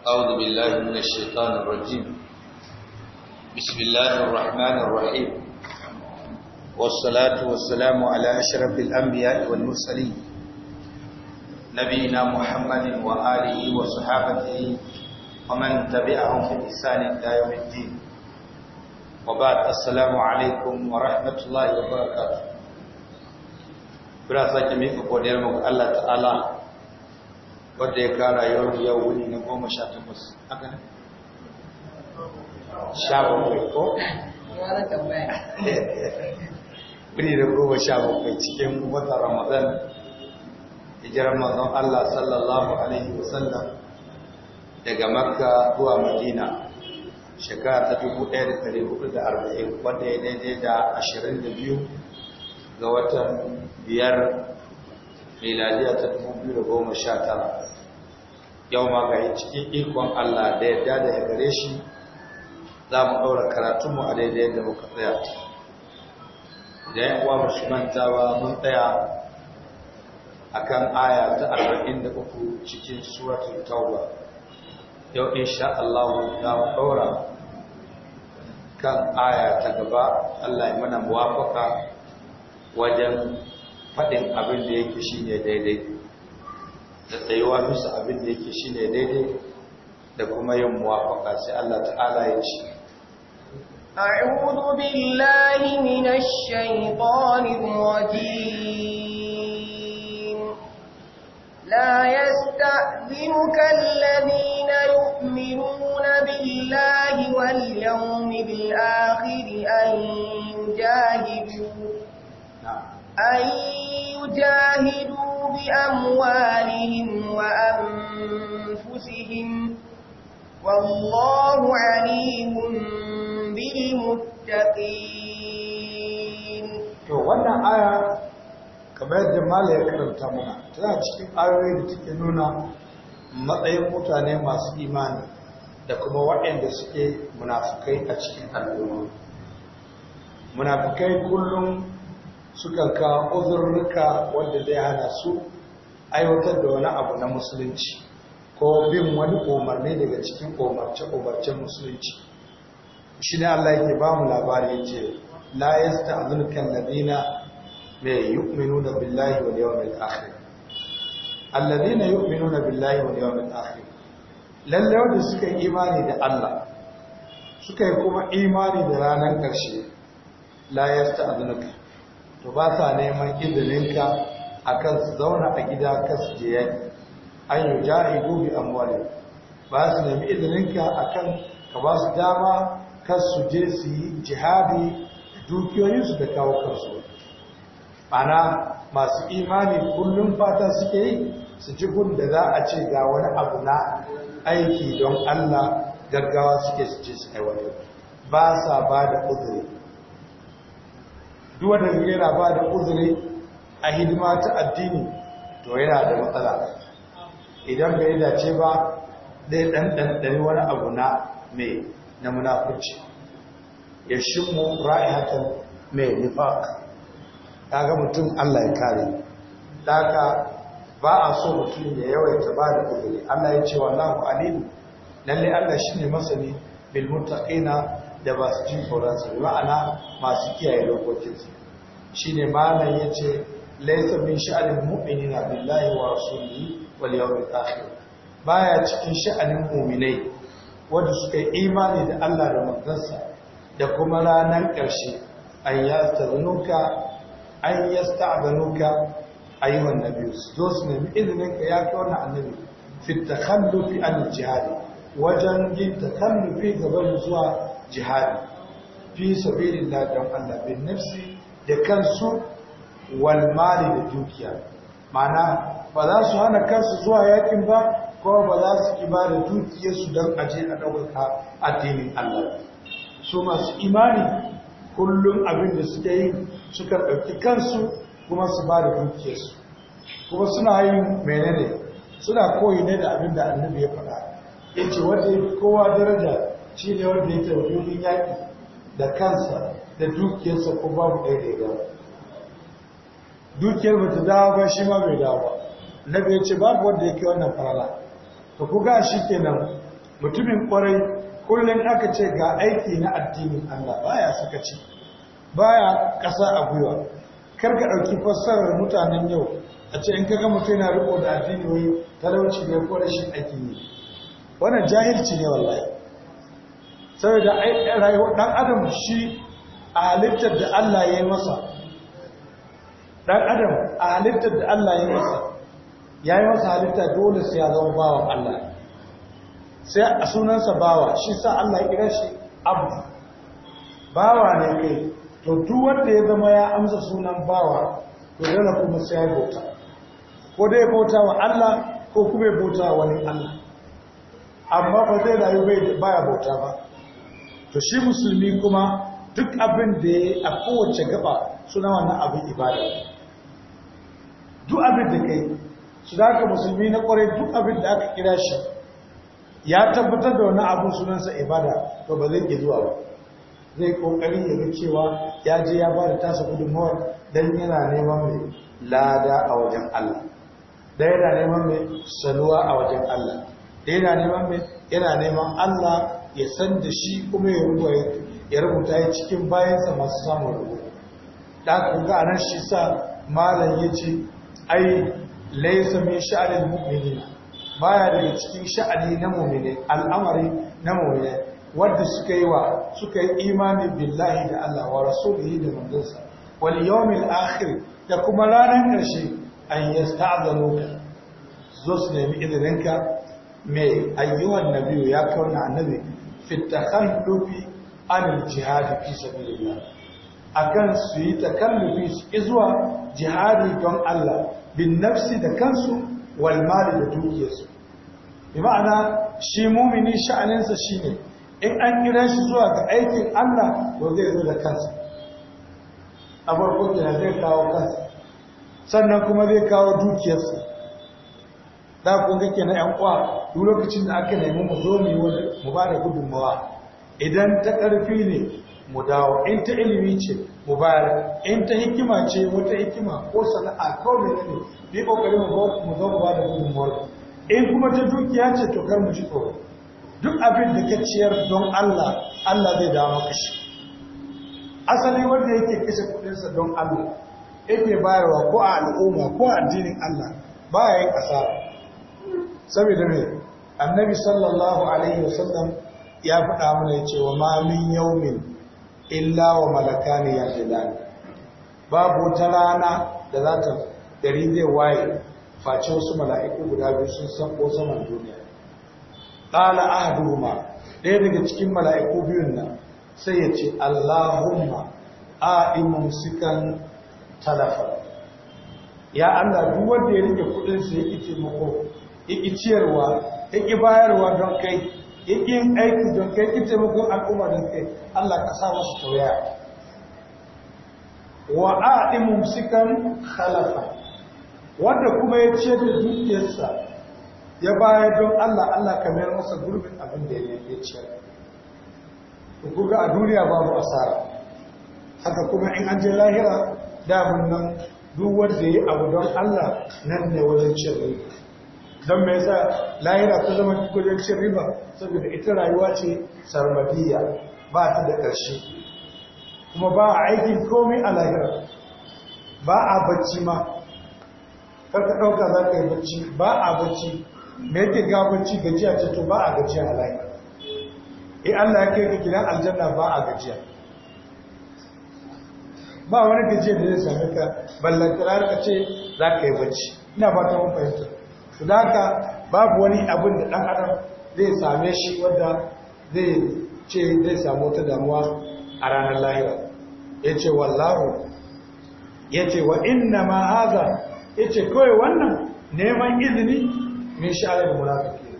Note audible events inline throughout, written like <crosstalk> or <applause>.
أعوذ بالله من الشيطان الرجيم بسم الله الرحمن الرحيم والصلاة والسلام على أشرف الأنبياء والمرسلين نبينا محمد وآله وصحابته ومن تبعهم في بإحسان إلى يوم الدين وبعد السلام عليكم ورحمة الله وبركاته برافة جميع قدير الله تعالى wadda ya kara yau yau wuni na goma sha takwas haka ne sha bakwai ko? <laughs> wuni na goma sha bakwai cikin wata ramadan hijirar mazan Allah sallallahu alaihi wasallam daga makka zuwa madina shekara ta 1440 wadda ya daidai da 22 ga watan biyar miladiya ta da goma sha tara yau ma ga cikin ikon Allah da yadda da ya gare shi za mu ɗaura karatunmu a daidai da muka tsaya da yan uwa masu mantawa mun tsaya a kan aya ta arba'in da uku cikin suratun tauba yau in sha Allah za mu ɗaura kan aya ta gaba Allah ya mana muwafaka wajen faɗin abin da yake shi ne daidai da tsayuwa bisa abin da yake shi ne daidai da kuma yin muwafaka sai Allah ta'ala ya ce أعوذ بالله من الشيطان الرجيم لا يستأذنك الذين يؤمنون بالله واليوم الآخر أن يجاهدوا أن جاهدوا بأموالهم وأنفسهم والله عليم بالمتقين to wannan aya kamar da mala ya karanta mana tana cikin ayoyi da take nuna matsayin mutane masu imani da kuma waɗanda suke munafukai a cikin al'umma munafukai kullum suka kawo uzurruka wanda zai hana su aiwatar da wani abu na musulunci ko bin wani umarni daga cikin umarce-umarcen musulunci shi ne Allah yake ba mu labari ce la yasta azulkan ladina mai da billahi wal yawmil yi alladina da billahi wal yawmil akhir lalle wanda suka yi imani da Allah suka yi kuma imani da ranar ƙarshe la yasta azulkan to ba sa neman izininka akan su zauna a gida kasu je yaki an yi gobe an wale ba su nemi izininka akan ka ba su dama kasu je su yi jihadi dukiyoyinsu da kawo kansu ana masu imani kullum fata suke yi su ji gun da za a ce ga wani abu na aiki don Allah gaggawa suke su ce su aiwatar ba sa ba da uzuri duk wanda yana ba da uzuri a hidima ta addini to yana da matsala idan bai dace ba zai dan dan wani abu na mai na munafurci ya mu ra'ihatan mai nifaq kaga mutum Allah ya kare daga ba a so mutum ya yawaita ba da uzuri Allah ya ce wallahu alim lalle Allah shine masani bil muttaqina da ba su jin tsoronsa ma'ana masu kiyaye lokokinsa shi ne malam ya ce laisa min sha'anin mu'mini na billahi wa rasulihi wal yawmil akhir baya cikin sha'anin mu'minai wanda suka yi imani da Allah da manzansa da kuma ranar ƙarshe an yastazunuka an yasta'zanuka ayyuhan nabiyyu zo su nemi izinin ka ya kai wannan annabi fi takhallufi an jihad wajen yin takallufi gaban zuwa jihadi fi sabilillah don Allah Binnasi nafsi da kansu walmari da dukiya mana ba za su hana kansu zuwa yakin ba kuma ba za su kiba da dukiyarsu don aje a ɗaukaka a addinin Allah su masu imani kullum abin da suke yi suka ɗauki kansu kuma su ba da dukiyarsu kuma suna yi menene suna koyi ne da abin da annabi ya faɗa ya ce wata kowa daraja shi ne wanda yake wajen yaƙi da kansa da dukiyarsa ko babu ɗaya da ya dukiyar ba ta dawo ba shi ma bai dawo ba na bai ce babu wanda yake wannan farala to ku ga shi kenan mutumin kwarai kullum aka ce ga aiki na addinin Allah baya sakaci baya kasa a gwiwa kar ka ɗauki fassarar mutanen yau a ce in kaga mutum yana riko da addini wai talauci ne ko shi aiki ne wannan jahilci ne wallahi saboda rayuwar ɗan adam shi a halittar da Allah ya yi masa ɗan adam a halittar da Allah ya yi masa ya yi masa halitta dole sai ya zama bawan Allah sai a sunansa bawa shi sa Allah ya kira shi abu bawa ne kai to duk wanda ya zama ya amsa sunan bawa to dole kuma sai ya bauta ko dai bauta wa Allah ko kuma bauta wa wani Allah amma ba zai rayu bai baya bauta ba to shi musulmi kuma duk abin da ya a kowace gaba suna wannan abin ibada duk abin da kai su da aka musulmi na kwarai duk abin da aka kira shi ya tabbatar da wani abin sunansa ibada to ba zai ke zuwa ba zai kokari ya ga cewa ya je ya ba da tasa gudunmawar don yana neman mai lada a wajen Allah da yana neman mai saluwa a wajen Allah da yana neman mai yana neman Allah ya san da shi kuma ya rubuta ya cikin bayansa masu samun rubu da aka kuka a nan shi sa malam ya ce ai laisa mai sha'anin mummini baya daga cikin sha'ani na mummini al'amari na mummini wadda suka yi wa suka yi imani billahi da Allah wa rasulihi da Wani wal yawmil akhir da kuma ranar ƙarshe an ka zo su nemi izininka mai ayyuhan nabiyu ya kauna annabi fi takallufi anil jihadi fi sabilillah akan su yi takallufi su izuwa jihadi don Allah bin nafsi da kansu wal mali da dukiyarsu bi ma'ana shi mumini sha'aninsa shine in an kira shi zuwa ga aikin Allah to zai zo da kansa a farko zai kawo kansa sannan kuma zai kawo dukiyarsa da kun ga kenan yan kwa, duk lokacin da aka nemi mu zo mu yi wani mu ba da gudunmawa idan ta ƙarfi ne mu dawo in ta ilimi ce mu bayar in ta hikima ce wata hikima ko sana'a kawai ne ne kokari mu zo mu ba da gudunmawar in kuma ta dukiya ce to kar mu ji tsoro duk abin da ka ciyar don Allah Allah zai dawo maka shi asali wanda yake kashe sa don Allah yake bayarwa ko a al'umma ko a addinin Allah ba ya yin asara saboda mai, annabi sallallahu alaihi wasallam ya faɗa mana ya ce wa ma min yaumin illa wa malakani ya jilani babu wata rana da za ta dari zai waye face wasu mala'iku guda biyu sun san ko saman duniya ɗala ahaduhuma ɗaya daga cikin mala'iku biyun nan sai ya ce allahumma a imumsikan talafa ya allah duk wanda ya rike su ya ƙi taimako yake ciyarwa yake bayarwa don kai yake aiki don kai yake taimakon al'umma don kai Allah ka sa masu tauya. wa aɗi mumsikan khalafa wanda kuma ya ce da dukiyarsa ya baya don Allah Allah ka mayar masa gurbin abin da ya ciyar kuka a duniya babu asara haka kuma in an je lahira damun nan duk wanda ya abu don Allah nan ne wajen ciyar don mai sa lahira ta zama kudancin riba saboda ita rayuwa ce sarmadiyya ba ta da ƙarshe kuma ba a aikin komai a lahira ba a bacci ma karka ɗauka za ka yi bacci ba a bacci mai yake ga bacci gajiya ce to ba a gajiya a lahira in eh, allah ya kai ka gidan aljanna ba a gajiya ba wani gajiya da zai sami ka ballantara ka ce za ka yi bacci ina ba ta mun fahimta su daga babu wani abin da ɗan adam zai same shi wadda zai ce zai samu ta damuwa a ranar lahira ya ce wallahu ya ce wa inna ma haza ya ce kawai wannan neman izini a da munafiki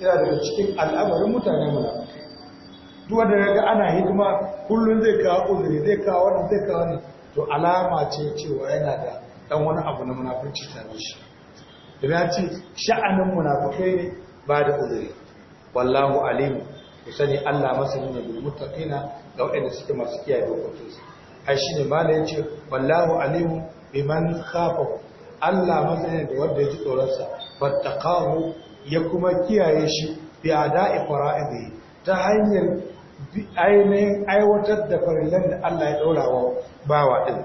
yana daga cikin al'amarin mutane munafiki duk wanda ya ga ana hidima kullum zai kawo uzuri zai kawo wannan zai kawo ne to alama ce cewa yana da dan wani abu na munafurci tare shi ya ce sha'anin munafukai ne ba da uzuri wallahu alimu ku sani Allah masani ne bil muttaqina ga waɗanda suke masu kiyaye sa. ai shine ya ce wallahu alimu biman khafa Allah masani da wanda ya ji tsoron sa fattaqahu ya kuma kiyaye shi bi ada'i fara'idihi ta hanyar ainihin aiwatar da farillan da Allah ya daura wa bawa ɗin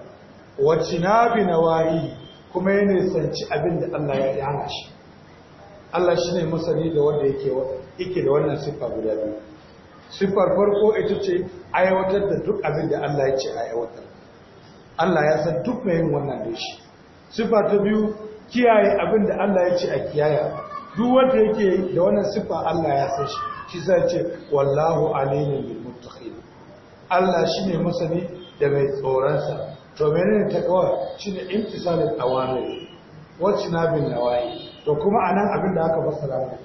wacce na bi na kuma ya nisanci abin da Allah ya hana shi Allah shi ne masani da wanda yake da wannan siffa guda biyu siffar farko ita ce aiwatar da duk abin da Allah ya ce a aiwatar Allah ya san duk mai yin wannan da shi siffa ta biyu kiyaye abin da Allah ya ce a kiyaya duk wanda yake da wannan siffa Allah ya san shi shi zai ce wallahu alimin bil muttaqin Allah shine masani da mai tsoronsa to menene takawa shine imtisalul awamir wacce na bin nawayi to kuma anan abin da aka fassara ne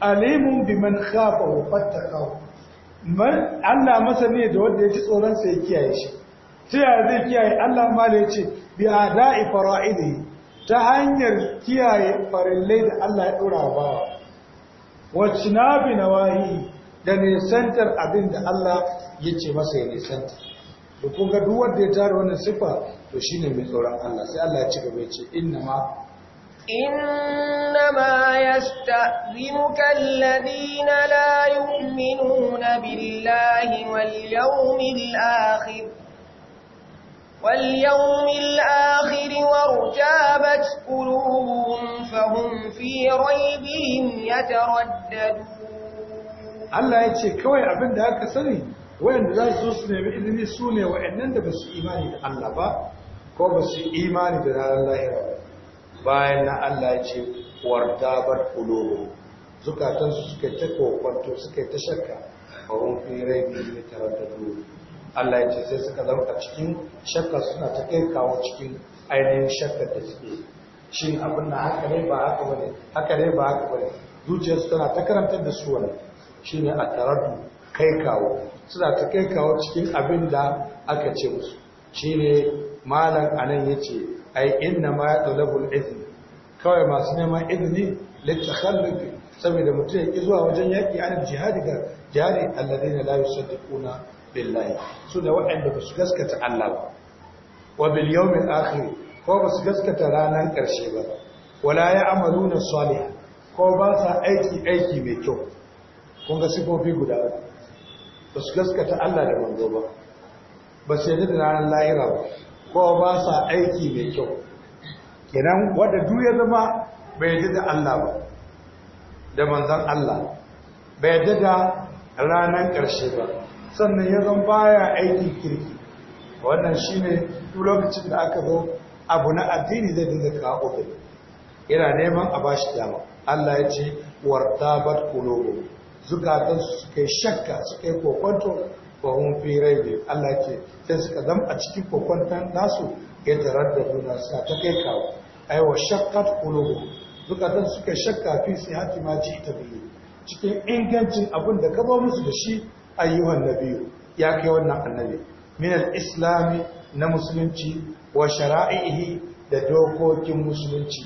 alimun biman khafa wa fattaqahu man Allah masani da wanda ya ci tsoron sa ya kiyaye shi ta yaya zai kiyaye Allah ma da yace bi ada'i fara'idi ta hanyar kiyaye farillai da Allah ya dora ba wacce na bi nawayi da nesantar abin da Allah ya ce masa ya santar to ga duk wanda ya tara wannan sifa to shine mai tsoron Allah sai Allah ya ci gaba ya ce inna ma إنما يستأذنك الذين لا يؤمنون بالله واليوم الآخر واليوم الآخر وارتابت قلوبهم فهم في ريبهم يترددون Allah ya ce kawai abin da aka sani wayanda za su su nemi ilimi su ne wayannan da ba su imani da Allah ba ko ba su imani da ranar lahira bayan na Allah ya ce warta bar zukatan zukatansu suka ta kokonto suka ta shakka ba hun fi raibi ne taraddadu Allah ya ce sai suka zama cikin shakka suna ta kai kawo cikin ainihin shakka da suke shin abin na haka ne ba haka ba ne? haka ne ba haka ba ne zuciyarsu tana ta karanta da su wani ne a da kai kawo suna ta kai kawo cikin abin da aka ce musu shi ne malam anan ya ce ai inna ma ya ɗalabul izini kawai masu neman izini littattafallafi saboda mutum ya ƙi zuwa wajen yaƙi ana jihadi ga jihadi alladai na layu saddaƙuna billahi su da waɗanda ba su gaskata Allah ba wa biliyomin yawmin ko ba su gaskata ranar ƙarshe ba wala ya amaluna salih ko ba sa aiki aiki mai kyau kun ga sifofi guda uku ba su gaskata Allah da manzo ba ba su yadda da ranar lahira ba ko ba sa aiki mai kyau kenan wadda duk ya zama bai yadda da Allah ba da manzan Allah bai yadda da ranar ƙarshe ba sannan ya zan baya aiki kirki wannan shine duk lokacin da aka zo abu na addini zai dinga kawo yana neman a bashi dama Allah ya ce wartabat qulubuhum zukatansu suka yi shakka suka yi kokonto ba hun fi rai Allah ke sai suka zama a cikin kokonton nasu ya tarar da juna su ta kai kawo aiwa shakkat kulubu zukatan suka shakka fi sai hati ma ji ita biyu cikin ingancin abin da ka ba musu da shi ayyuhan nabiyu ya kai wannan annabi min al-islami na musulunci wa shara'ihi da dokokin musulunci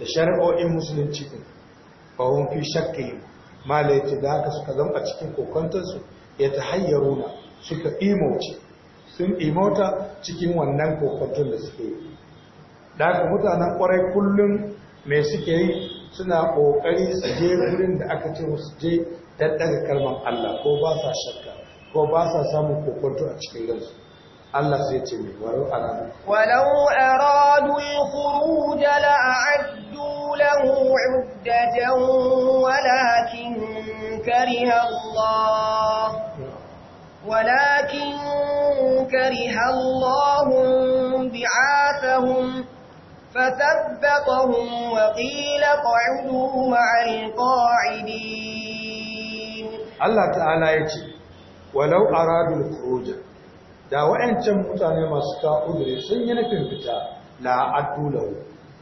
da shari'o'in musulunci din ba wani fi shakka mala da haka suka zama a cikin kokontansu ya ta tahayyaruna suka imoci, sun imota cikin wannan kokontun da suke yi da haka mutanen kwarai kullum mai suke yi suna kokari su je wurin da aka ce musu je daddaga kalmar Allah ko ba sa shakka ko ba sa samun kokonto a cikin gansu Allah sai ce mai walau aradu walau yi kuru khuruj له عدة ولكن كره الله ولكن كره الله بعاثهم فثبطهم وقيل قعدوا مع القاعدين الله تعالى يتي ولو أرادوا الخروج da wa'ancan mutane masu ta'udure sun yi nufin fita la'addu lahu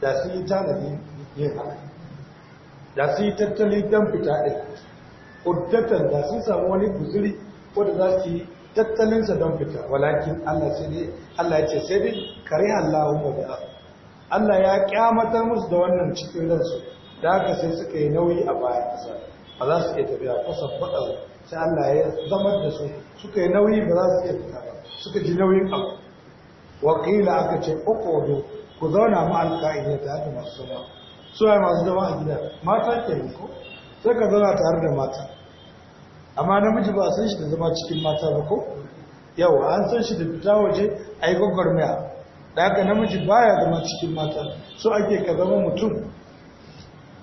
da sun yi tanadi yin haka da su yi tattali don fita ɗin ƙuddatan da sun samu wani guzuri wadda za su yi tattalinsa don fita walakin Allah sai ne Allah ya ce sai dai kare Allahu wa bi'a Allah ya kyamata musu da wannan cikin ransu da haka sai suka yi nauyi a bayan ƙasa ba za su iya tafiya ko sabbata sai Allah ya zama da su suka yi nauyi ba za su iya fita ba suka ji nauyin abu wakila aka ce ƙoƙo ku zauna ma alqa'idata haka masu sama suwaye masu zama a gida mata ke ko sai ka zana tare da mata amma namiji ba san shi da zama cikin mata ba ko yau an san shi da fita waje a yi gwagwarmaya da haka namiji baya zama cikin mata so ake ka zama mutum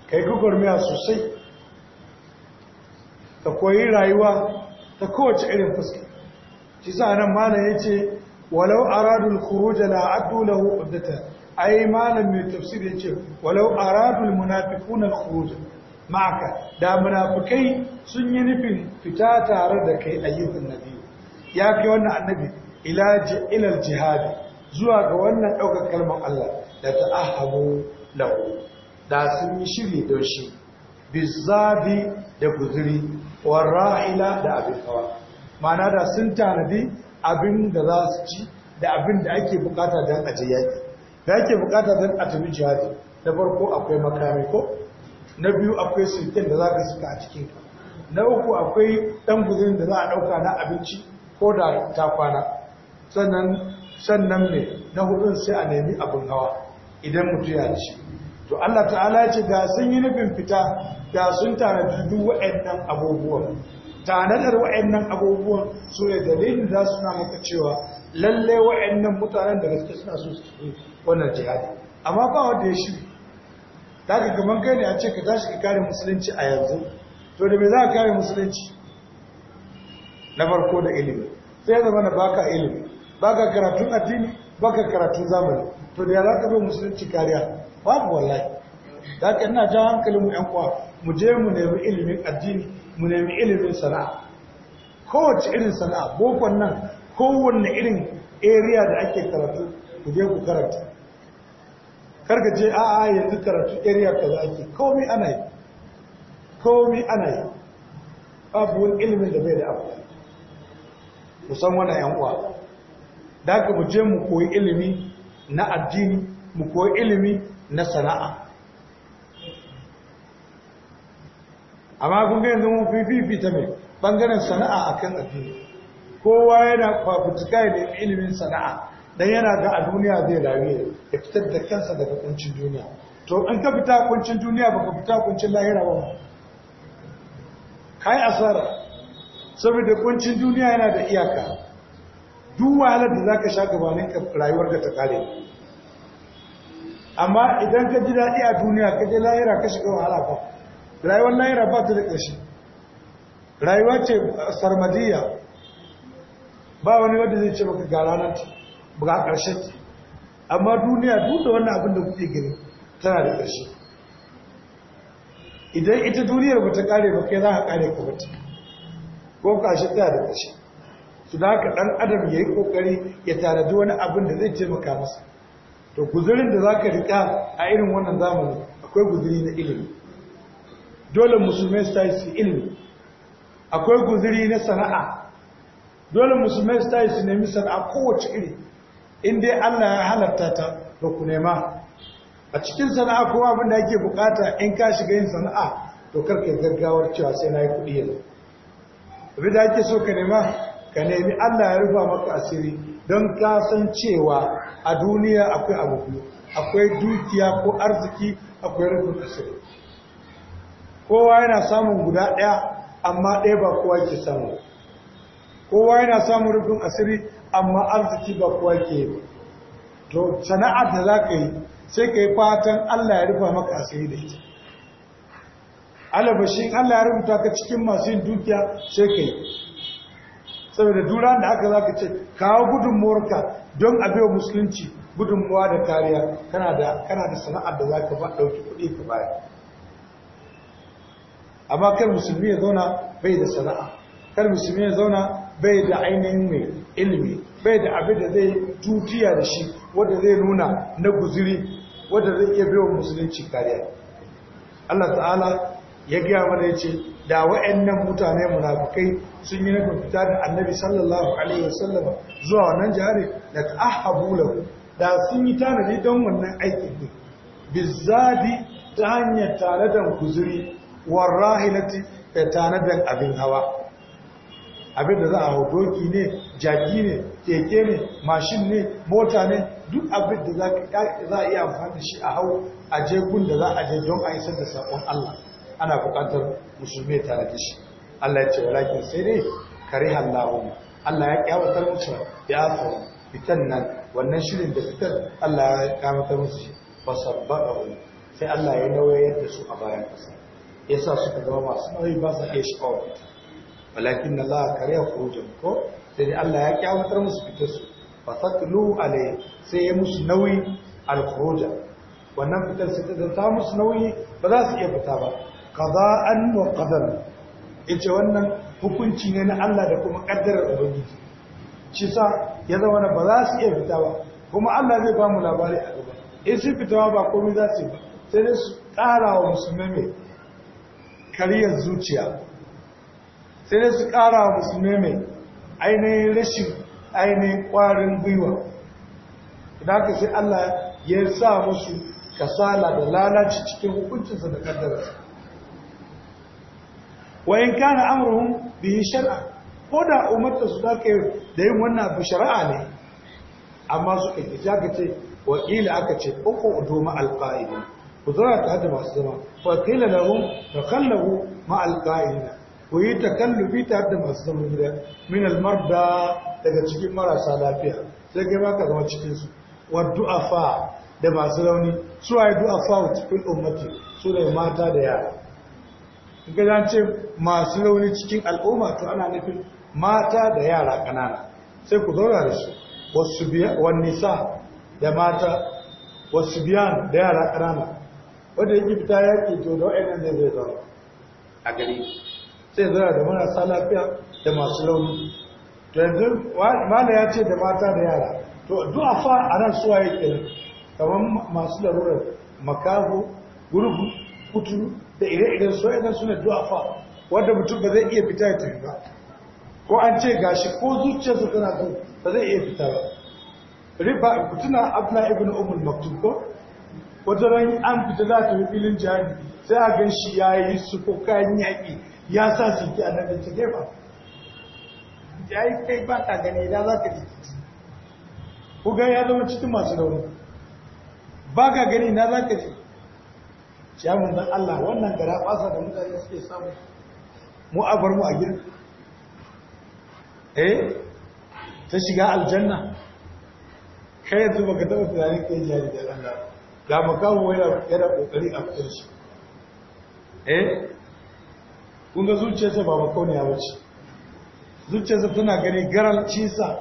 ka yi gwagwarmaya sosai ka koyi rayuwa ta kowace irin fuska shi sa nan mana ya ce walau aradul khuruj la addu lahu uddatan ai malam mai tafsir ya ce, walau aradul munafiquna al-khuruj ma'aka da munafikai sun yi nufin fita tare da kai ayyukan nabi ya kai wannan annabi ila ilal jihad zuwa ga wannan daukar kalmar Allah da ta'ahabu lahu da sun yi shiri don shi bizabi da guzuri ra'ila da abin hawa ma'ana da sun tanadi abin da za su ci da abin da ake bukata don ajiyaki. da yake bukata don a tafi jihadi na farko akwai makami ko na biyu akwai sirkin da za ka suka a cikin na uku akwai ɗan guzin da za a ɗauka na abinci ko da ta kwana sannan ne na hudun sai a nemi abin hawa idan mutu ya ci to Allah ta'ala ya ce ga sun yi nufin fita da sun tare duk wa'annan abubuwan tanadar wa'annan abubuwan su ne dalilin za su na maka cewa lalle wa'annan mutanen da gaske suna so su tafi wannan jihadi amma ba wanda ya shi ta ga gaban kai ne a ce ka tashi ka kare musulunci a yanzu to da me za ka kare musulunci na farko da ilimi sai ya zama na baka ilimi baka karatun addini baka karatun zamani to da ya za ka bai musulunci kariya babu wallahi da ka ina jan hankalin mu yan kwa mu je mu nemi ilimin addini mu nemi ilimin sana'a kowace irin sana'a bokon nan kowanne irin area da ake karatu ku je ku karanta karka ka a a yanzu karatu area kaza ake komai ana yi komai ana yi babu wani ilimin da bai da abu san wannan yan uwa da ka mu je mu koyi ilimi na addini mu koyi ilimi na sana'a amma kun ga yanzu mun ta mai bangaren sana'a akan addini kowa yana fafutuka da ilimin sana'a dan yana ga a duniya zai rayu ya fitar da kansa daga kuncin duniya to in ka fita kuncin duniya baka fita kuncin lahira ba kai asara saboda kuncin duniya yana da iyaka duk wahalar da zaka sha gabanin ka rayuwar ka ta kare amma idan ka ji daɗi a duniya ka je lahira ka shiga wahala ba rayuwar lahira ba ta da ƙarshe rayuwa ce sarmadiyya ba wani wanda zai ce maka ga ranar ba ƙarshen ta amma duniya duk da wannan abin da kuke gani tana da ƙarshe idan ita duniyar ba ta ƙare ba kai za ka ƙare ka wata ko ƙarshe tana da ƙarshe su da haka ɗan adam ya yi ƙoƙari ya tanadi wani abin da zai taimaka masa to guzurin da za ka riƙa a irin wannan zamani akwai guzuri na ilimi dole musulmai su tashi su ilimi akwai guzuri na sana'a dole musulmai su tashi su nemi sana'a kowace iri in dai Allah ya halarta ta ba ku nema a cikin sana'a ko abin da yake bukata in ka shiga yin sana'a to karka gaggawar cewa sai na yi kuɗi yanzu abin da ake so ka nema ka nemi Allah ya rufa maka asiri don ka san cewa a duniya akwai abu biyu akwai dukiya ko arziki akwai rufin asiri kowa yana samun guda ɗaya amma ɗaya ba kowa ke samu kowa yana samun rufin asiri amma arziki ba kuwa ke to sana'ar da za ka yi sai ka yi fatan Allah ya rufa maka asiri da ita alabashin Allah ya rubuta ka cikin masu yin dukiya sai ka yi saboda duran da aka za ka ce kawo gudunmuwarka don abewa musulunci gudunmuwa da kariya kana da sana'ar da za ka ba ɗauki kuɗi ka baya amma kar musulmi ya zauna bai da sana'a kar musulmi ya zauna bai da ainihin mai ilimi bai da abin da zai tutiya da shi wadda zai nuna na guziri wadda zai iya baiwa musulunci kariya Allah ta'ala ya gaya mana ya ce da wa'annan mutane munafukai sun yi nufin fita da annabi sallallahu alaihi wasallam zuwa wannan jihari da ahabu lahu da sun yi tanadi don wannan aikin ne bizzadi ta hanyar tanadan kuzuri warrahilati da tanadan abin hawa abin da za a hau doki ne jaki ne keke ne mashin ne mota ne duk abin da za a iya amfani da shi a hau a jekun da za a je don a isar da saƙon Allah ana buƙatar musulmi tare da shi Allah ya ce walakin sai dai kare hallahu Allah ya kyawatar musu ya faru fitan nan wannan shirin da fitar Allah ya kyawatar musu shi fasabba'ahu sai Allah ya nauyar da su a bayan kasa. yasa suka zama masu nauyi ba sa iya shi walakin na za a karya fujin ko sai dai Allah ya kyawatar musu fitarsu ba faƙilu alai sai ya musu nauyi alkhuruja wannan fitar sai ta zanta musu nauyi ba za su iya fita ba qada'an wa qadar ce wannan hukunci ne na Allah da kuma kaddarar ubangiji shi sa ya zama ba za su iya fita ba kuma Allah zai ba mu labari a gaba in sun fitawa ba komai za su yi ba sai dai su ƙara wa musulmai mai kariyar zuciya sai dai su ƙara wa musulmi mai ainihin rashin ainihin ƙwarin gwiwa idan ka sai Allah ya sa musu kasala da lalaci cikin hukuncinsa da kaddararsa wayan kana amruhum bihi shar'a ko da umarta su da kai da yin wannan abu shari'a ne amma su kai ta ga ce wakila aka ce uku uduma alqa'idin ku zara ta da masu zama fa qila lahum takhallabu ma alqa'idin ku yi kallubi tare da masu zaman gida min almarda daga cikin marasa lafiya sai kai ma ka zama cikin su wa du'afa da masu rauni su ai du'afa cikin ummati su ne mata da yara ga dan ce masu rauni cikin al'umma to ana nufin mata da yara kanana sai ku zauna da su wasu biya wa nisa da mata wasu biyan da yara kanana wanda yake fita yaki to da wayannan zai zai zauna a gari sai zara da marasa lafiya da masu launi To yanzu mala ya ce da mata da yara to du'a fa a nan suwa ya ke kamar masu larurar makaho gurgu kutu da ire-iren suwa idan suna du'a fa wanda mutum ba zai iya fita ya tafi ba ko an ce gashi ko zuciyarsa tana so ba zai iya fita ba riba kutuna abla ibn umul maktub ko wata ran an fita za ta filin jihadi sai a gan shi ya yi su ko kayan yaƙi ya sa su ke a nan cike kai ba ya yi kai ba ta gani idan za ka jiki ku ga ya zama cikin masu rauni ba ka gani na za ka ji ya manzan Allah wannan gara basa da mutane suke samu mu a bar mu a gida eh ta shiga aljanna kai yanzu baka taɓa tunanin kai jari da Allah ga makamu yana kokari a fitar shi eh Kunga zuciyarsa ba makauniya ba ce zuciyarsa tana gani garal cisa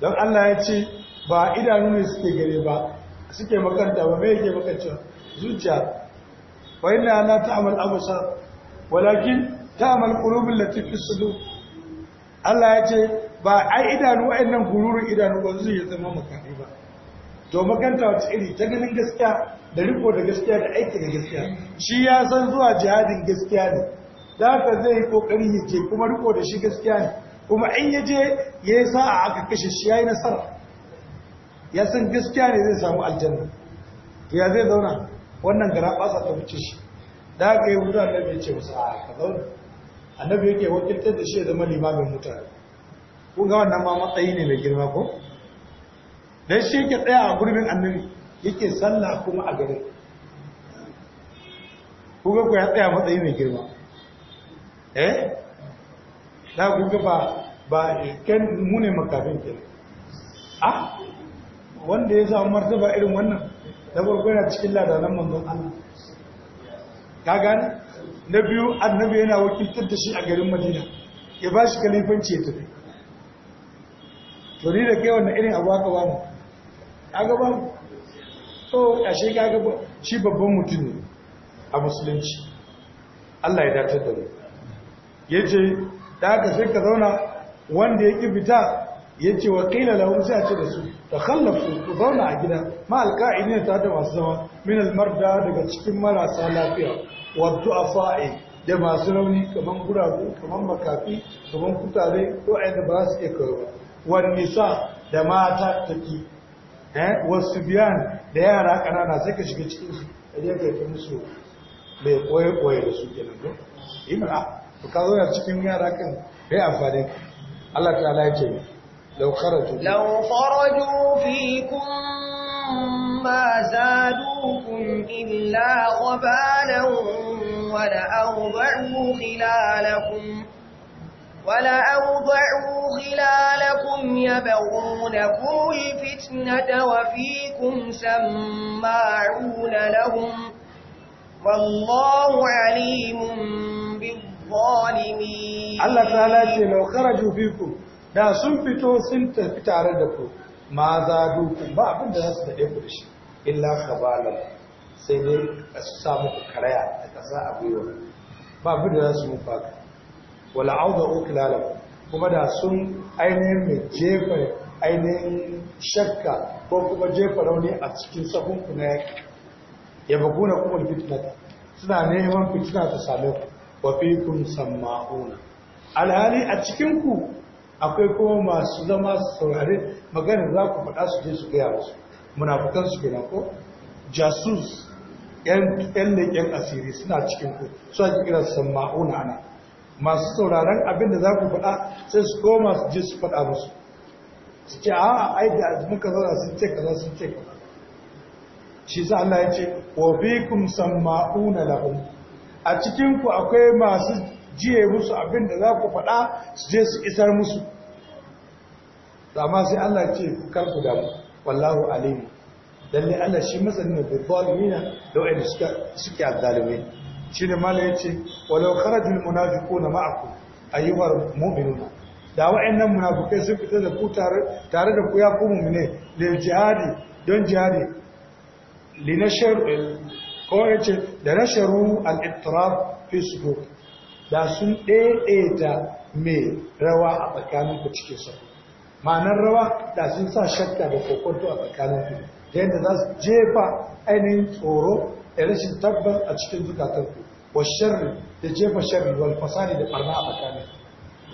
don Allah ya ce ba idanu ne suke gare ba suke makanta ba mai yake makancewa zuciya fa inna ta ta'mal abusa walakin ta'mal qulubul lati fi sudur Allah ya ce ba ai idanu wa'annan gururu idanu ba zai zama makani ba to makanta wata iri ta ganin gaskiya da riko da gaskiya da aiki da gaskiya shi ya san zuwa jihadin gaskiya ne da ka zai yi kokari ya je kuma riko da shi gaskiya ne kuma in ya je ya yi sa'a aka kashe shi ya yi nasara ya san gaskiya ne zai samu aljanna to ya zai zauna wannan gara basa ta wuce shi da haka yi wuta annabi ya ce wasu a ka zauna annabi yake wakiltar da shi ya zama limamin mutane kun ga wannan ma matsayi ne mai girma ko dan shi ke tsaya a gurbin annabi yake sallah kuma a ku ga ku ya tsaya matsayi mai girma eh da kuka ba ba ken mu ne makafin kenan ah wanda ya samu martaba irin wannan da farko yana cikin ladanan manzon Allah ka gane na biyu annabi yana wakiltar da shi a garin Madina ya ba shi kalifanci ya tafi to ni da kai wannan irin abu ka wani agaban so ashe gaba shi babban mutum ne a musulunci Allah ya datar da Ya ce da aka sai ka zauna wanda ya ki fita ce wa ƙila lahum sai a ce da su takhallafu ku zauna a gida ma alqa'idina ta da masu zama min almarda daga cikin marasa lafiya a fa'i da masu rauni kamar guragu kamar makafi kamar kutare ko ayyuka ba su iya karo wa nisa da mata take wasu biyan da yara ƙanana sai ka shiga cikin su a yi ka musu mai koye-koye da su nan don a, ah, to ka zauna cikin yara kan bai amfani Allah ta ala yake lau kharaju lau kharaju kun ma zadukum illa qabalan wa la arba'u khilalakum ولأوضعوا خلالكم يبغونكم الفتنة وفيكم سماعون لهم والله عليم بالظالمين الله ce لو خرجوا فيكم da sun fito sun tafi tare da ku ma za duku ba abin da za su ku da shi illa kabalan sai dai su samu karaya da ƙasa a gwiwa ba abin da za su muku wala auza uklalam kuma da sun ainihin mai jefa ainihin shakka ko kuma jefa rauni a cikin safin na yaki ya na kuma fitnata suna neman fitina ta same ku Wafi kun samma'una alhali a cikinku, akwai kuma masu zama su saurari magana za ku faɗa su je su gaya musu munafukan su gina ko jasus yan leƙen asiri suna cikinku, su suna kira samma'una ana masu sauraron abin da za ku faɗa sai su koma su je su faɗa musu su ce a ai da muka zaura sun ce kaza sun ce kaza shi sa Allah ya ce wa bikum na lahum a cikin ku akwai masu jiye musu abin da za ku faɗa su je su isar musu amma sai Allah ya ce kar ku damu wallahu alim dalle Allah shi masanin da zalimina da wa'anda suke suke azzalime ne mala ce walau ma'aku a yi ayyuhal mu'minuna da wa'annan munafikai sun fita da ku tare tare da ku ya ku mummune da jihadi don jihadi da na sharu ittirab Facebook da sun daidaita mai rawa a tsakanin ku cikin su ma'anar rawa da sun sa shakka da kokonto a tsakanin ku da yadda za su jefa ainihin tsoro da rashin tabbas a cikin zukatanku wa sharri da jefa sharri wal fasadi da barna a tsakanin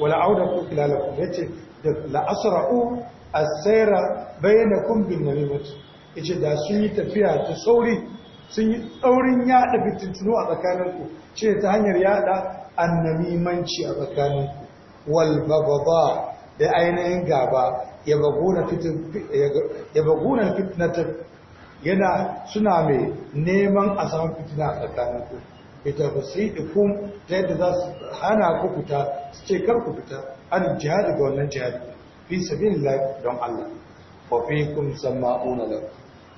Wa auda ku ya ce da la'asra'u asaira bainakum bin namimati yace da sun yi tafiya ta sauri sun yi tsaurin yada fitintuno a tsakaninku ce ta hanyar yada annamimanci a tsakaninku wal bagaba da ainihin gaba yabaguna fitnata yana suna mai neman a saman fitina a tsakaninku ita ba su yi ikun ta yadda za su hana ku fita su ce kar ku fita an jihadi ga wannan jihadi fi sabin lafi don Allah wa fi kum sama'una lafi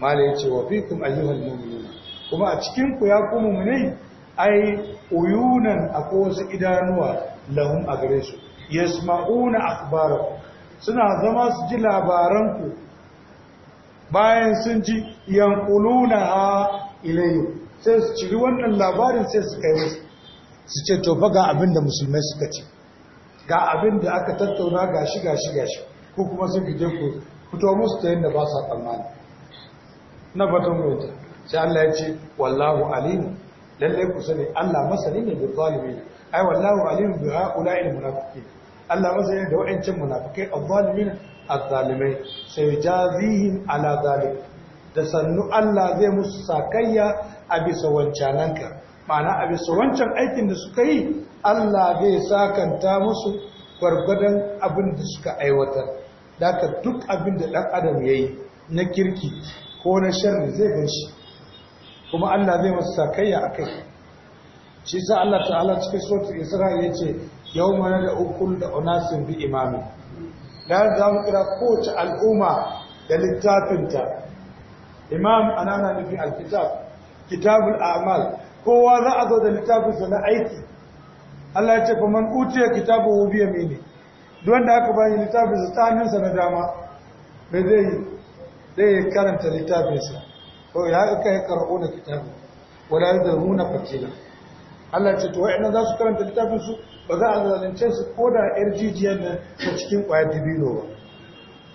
mala ya ce wa fi kum ayyuhal mummuni kuma a cikin ku ya mu ne ai uyunan a kowace idanuwa lahun a gare su yasma'una akhbarakum suna zama su ji labaranku bayan sun ji yankuluna ha ilayu sai su ciri wannan labarin sai su kai wasu su ce tofa ga abin da musulmai suka ce ga abin da aka tattauna gashi gashi gashi ko kuma sun gije ku fito musu ta yadda ba sa tsammani na batun gwamnati sai Allah ya ce wallahu alimu lallai ku sani Allah masani ne bi zalimi ai wallahu alimu bi ha'ula'il munafiqin Allah wasu da wa'ancin munafikai azzalimin azzalimai sai jazihim ala zalim da sannu Allah zai musu sakayya a bisa wancananka ma'ana a bisa wancan aikin da suka yi Allah zai sakanta musu gwargwadon abin da suka aiwatar daga duk abin da ɗan adam ya yi na kirki ko na sharri zai gan kuma Allah zai musu sakayya a kai shi sa Allah ta'ala cikin sotu Isra'il ya ce yau mana da ukul da onasin bi imami. da za mu kira kowace al'umma da littafinta imam ana na nufin alkitab kitabul amal kowa za a zo da littafinsa na aiki Allah ya ce kuma man utiya kitabu bi yamini duk da aka bayan littafinsa ta hannunsa na dama me zai yi zai karanta littafinsa Ko ya aka yi karɓo da kitabu wala yadruna fatila Allah ya ce to wa'ina za su karanta littafinsu ba za a zalunce su ko da yar jijiyar nan ta cikin ƙwayar dibino ba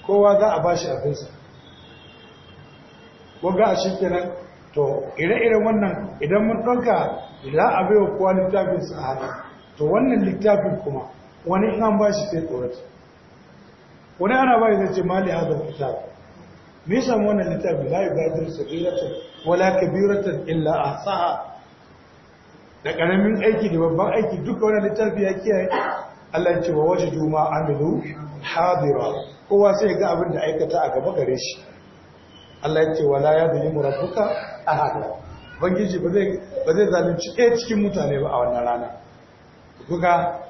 kowa za a ba shi abinsa wanga a shi kenan to ire-iren wannan idan mun ɗauka za a bai wa kowa su a hada to wannan littafin kuma wani in an ba shi sai tsorata wani ana ba zai ce mali hazan kitab me samu wannan littafin la yubadiru sagiratan wala kabiratan illa a tsaha? da karamin aiki da babban aiki duka wani littafi ya kiyaye Allah ce wa waje juma amilu hadira kowa sai ga abin da aikata a gaba gare shi Allah ce wala ya da rabbuka ahada bangiji ba bangiji ba zai zalunci ɗaya cikin mutane ba a wannan rana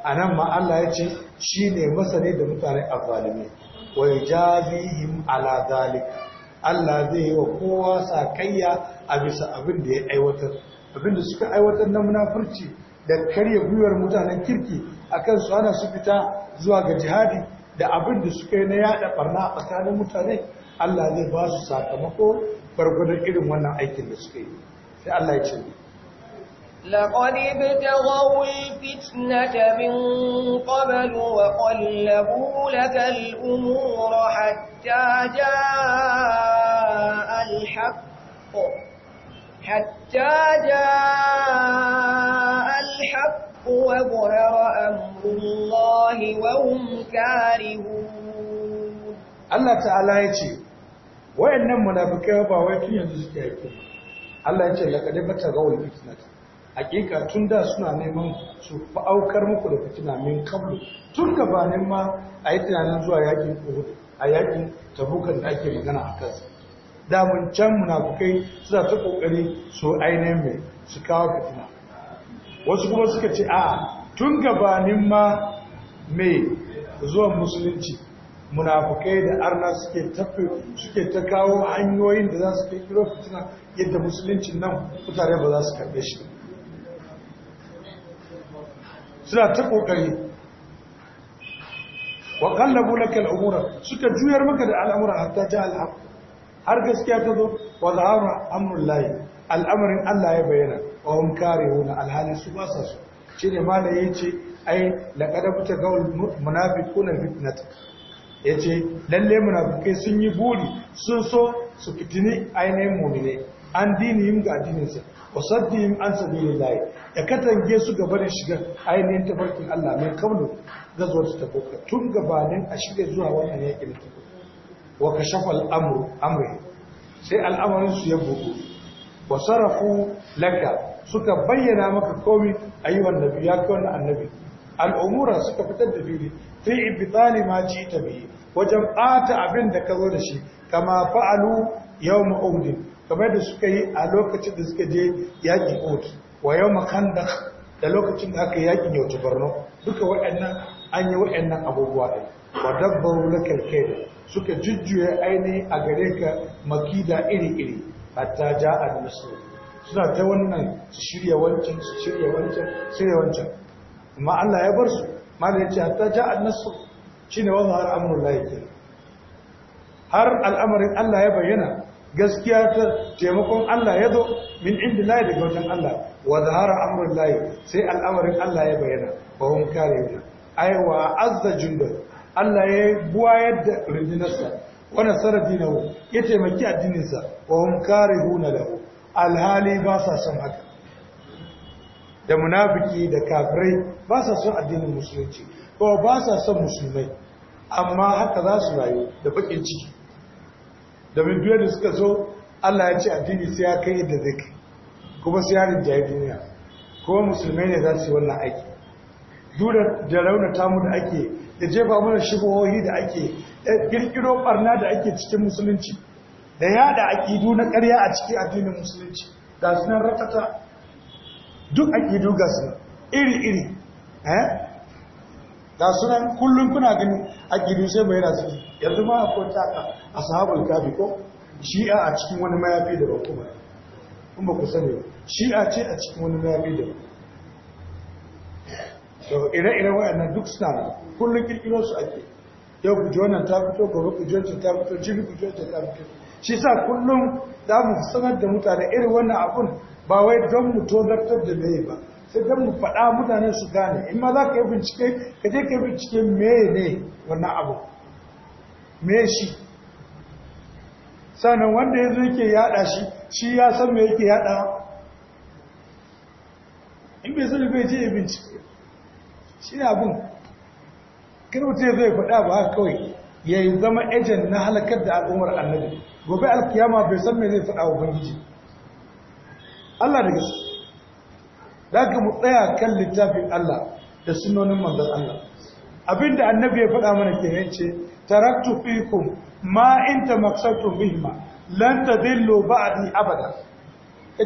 a nan ma Allah ya ce shi ne masane da mutane a azzalimi Wai yajazihim ala zalika Allah zai yi wa kowa sakayya a bisa abin da ya aiwatar abinda suka aiwatar na munafurci da karya gwiwar mutanen kirki akan su ana su fita zuwa ga jihadi da abin da suka yi na yada barna a tsakanin mutane Allah zai ba su sakamako gwargwadon irin wannan aikin da suka yi sai Allah ya ce لقد ابتغوا الفتنة من قبل وقلبوا لك الأمور حتى جاء الحق حتى جاء الحق وظهر أمر الله وهم كارهون الله تعالى يتي وإن منافقين باويتون ينزل كيكم الله يتي لقد fitina ta, hakika tun da suna neman su fa'aukar muku da fitina min kablu tun gabanin ma a yi tunanin zuwa yakin uhud a yakin tabukan da ake magana a kansa damun can munafukai suna ta kokari su ainihin mai su kawo fitina wasu kuma suka ce a tun gabanin ma mai zuwan musulunci munafukai da arna suke tafi suke ta kawo hanyoyin da za su ke kiro fitina yadda musulunci nan mutane ba za su karbe shi suna ta kokari wa kallabu lakal umura suka juyar maka da al'amura hatta ja al'aqu har gaskiya ta zo wa zahara amrul al'amarin Allah ya bayyana wa kare wani alhalin su ba ne ma da ya yace ai munafi butagaul fitnat ya ce lalle munafikai sun yi buri sun so su fitini ainihin mu'mine an yin ga adininsa wa yin an layi ya katange su gaba da shiga ainihin tafarkin Allah mai kaulu gazuwar su tabuka tun gabanin a shirya zuwa wannan yakin tabuka wa kashafa al'amru amri sai al'amarin su ya buɗu wa sarrafu laka suka bayyana maka komi ayyuhan nabi ya kai wannan annabi al'umura suka fitar da fili fi ibtali ma ji ta bihi wajen ɓata abin da ka zo da shi kama fa'alu yau ma'udin kamar da suka yi a lokacin da suka je yaƙin ot wa yau makandar da lokacin da aka yaƙin yau barno duka waɗannan an yi nan abubuwa ɗai wa dabbaru na kalkaida suka jujjuya ainihi a gare ka makida iri-iri ta ja a nasu suna ta wannan su shirya wancan su shirya wancan shirya wancan amma Allah ya bar su ya ce ta ja a nasu shine wannan har amrul laiki har al'amarin Allah ya bayyana gaskiya ta taimakon Allah ya zo min inda laye daga wajen Allah wa zahara amrul laye sai al'amarin Allah ya bayyana ba hun kare aiwa azza jundar Allah ya buwa yadda rundunarsa wani sarari na ya taimaki addininsa wa hun kare huna da alhali ba sa son haka da munafiki da kafirai ba sa son addinin musulunci ko ba sa son musulmai amma haka za su rayu da bakin ciki da bindiyar da suka zo Allah ya ce addini sai ya kai yadda zai kai kuma sai ya rinjaye duniya kuma musulmai ne za su yi wannan aiki dura da raunata mu da ake da jefa mana shigohohi da ake da kirkiro barna da ake cikin musulunci da yada aƙidu na ƙarya a cikin addinin musulunci ga su rakata ratata duk aƙidu ga su iri-iri eh? ga su nan kullum kuna gani aƙidu sai mai yana ciki yanzu ma akwai taka a sahabar kafi ko shi'a a cikin wani mayafi da ba kuma ku sani shi'a ce a cikin wani mayafi da ba to ire-iren waɗannan duk suna da kullum kirkiro su ake yau ku jonan ta fito gobe ku jonta ta fito jini ku jonta ta fito shi sa kullum za mu sanar da mutane irin wannan abun ba wai don mu tozartar da mai ba sai don mu faɗa mutane su gane in ma za ka yi bincike ka je ka yi bincike meye ne wannan abu me shi sannan wanda ya zo yake yada shi shi ya san me yake yada in bai sani bai je ya bincike shi ne abin kirmutu ya zai faɗa ba haka kawai ya yi zama ejen na halakar da al'ummar annabi gobe alkiyama bai san mai zai faɗa wa bangiji Allah da gasu. da ka mu tsaya kan littafin Allah da sunonin manzan Allah abinda annabi ya faɗa mana kenan ce taraktu fikum ma in ta zai bihima lan a ba'di abada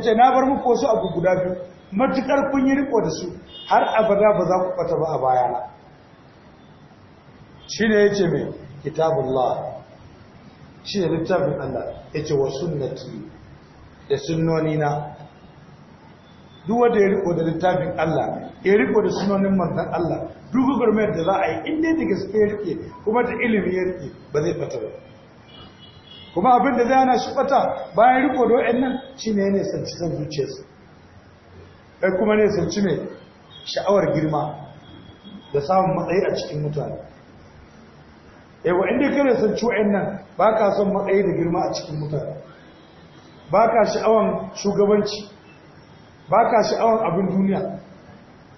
ce na bar muku wasu abu guda biyu matukar kun yi riko da su har abada ba za ku kwata ba a bayana ya ce mai kitabullah ne littafin Allah ce wa sunnati da sunnoni na duk wanda ya riko da littafin Allah ya riko da sunonin manzon Allah duk gurmai da za a yi inda da gaske ya rike kuma da ilimin ya rike ba zai fata ba kuma abin da zai hana shi fata bayan riko da wa'annan shi ne sanci san zuciyarsa kai kuma ne sun ci mai sha'awar girma da samun matsayi a cikin mutane yawa inda kare sun ci nan ba ka son matsayi da girma a cikin mutane ba ka sha'awar shugabanci ba ka sha'awar abin duniya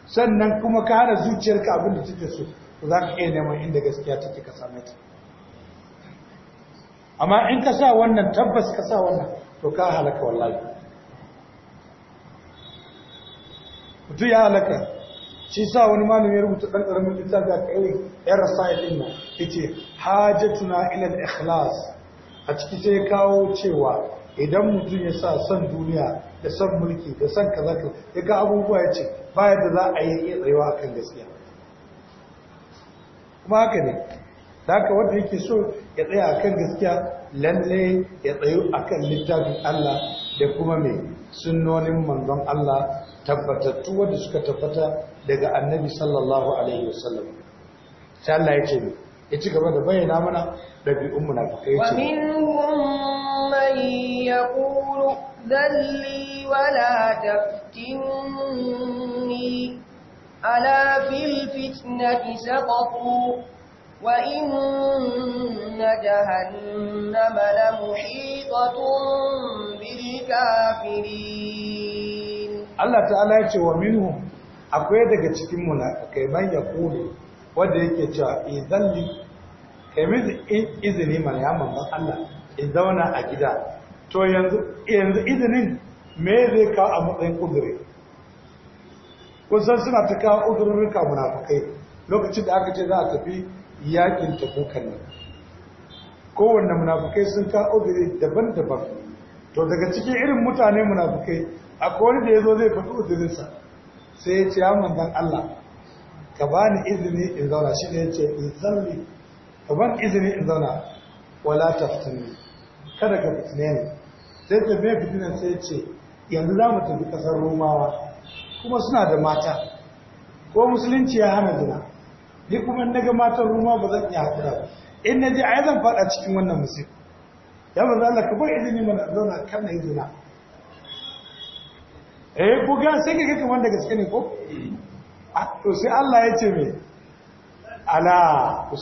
sannan kuma ka hana zuciyarka abin da take so za ka iya neman inda gaskiya take ka same ta amma in ka sa wannan tabbas ka sa wannan to ka halaka wallahi duk ya halaka shi sa wani malami ya rubuta ɗan ƙaramin littafi a kai yan rasailin nan haja tuna ilal ikhlas a ciki sai kawo cewa idan mutum ya sa son duniya da son mulki da son kaza ya ga abubuwa ya ce ba da za a yi iya a kan gaskiya kuma haka ne da haka wanda yake so ya tsaya kan gaskiya lalle ya tsayu kan littafin Allah da kuma mai sunnonin manzon Allah tabbatattu wanda suka tabbata daga annabi sallallahu alaihi wasallam sai Allah ya ce ya ci gaba da bayyana mana dabi'un munafikai ya ce wa minhum man yaqulu dalli wa la taftinni ala fil fitnati saqatu وإن جهنم لمحيطة بالكافرين Allah ta'ala ya ce wa minhu akwai daga cikin munafikai man ya kulu wanda yake cewa idan li kai min izini mana ya manzon Allah in zauna a gida to yanzu yanzu izinin me zai kawo a matsayin kudure kusan suna ta kawo udurruka munafikai lokacin da aka ce za a tafi yakin tafukan nan kowanne munafikai sun kawo udure daban-daban to daga cikin irin mutane munafikai akwai wani da ya zo zai fafi uzurinsa sai ya ce ya manzan Allah ka ba ni izini in zauna shi ne ya ce in zalli ka ban izini in zauna wala taftini kada ka fitine ne sai ta bai fitinan sai ya ce yanzu za mu tafi ƙasar romawa kuma suna da mata ko musulunci ya hana zina ni kuma na ga matan roma ba zan iya haƙura ba in na je a yi zan faɗa cikin wannan musulun ya ba za ka bar izini mana zauna kan na yi zina eh buga sai ga kake wanda gaske ne ko ah, to sai Allah ya ce me ala ku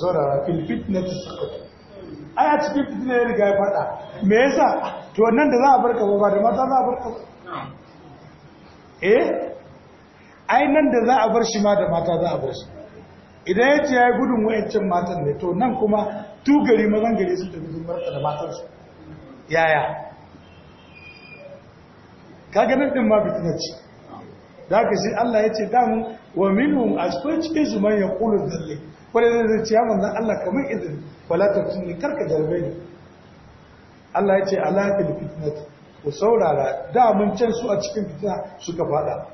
fil fitnati saqat ai a cikin fitina ya riga faɗa me yasa to nan da za a barka ba da mata za a barka eh ai nan da za a bar shi ma da mata za a bar shi idan ya ce ya yi gudun wayancin matan ne to nan kuma tu gari mazan gari su tafi sun barka da matarsu yaya kaga nan din ma fitina ce da yace sai Allah ya ce damun wa minhum asfaj cikin man yaqulu dhalli wala zai ce ya manzon Allah kamar izini wala tafsini karka jarbe ni Allah ya ce ala fil fitnati ku saurara da mun can su a cikin fitina suka fada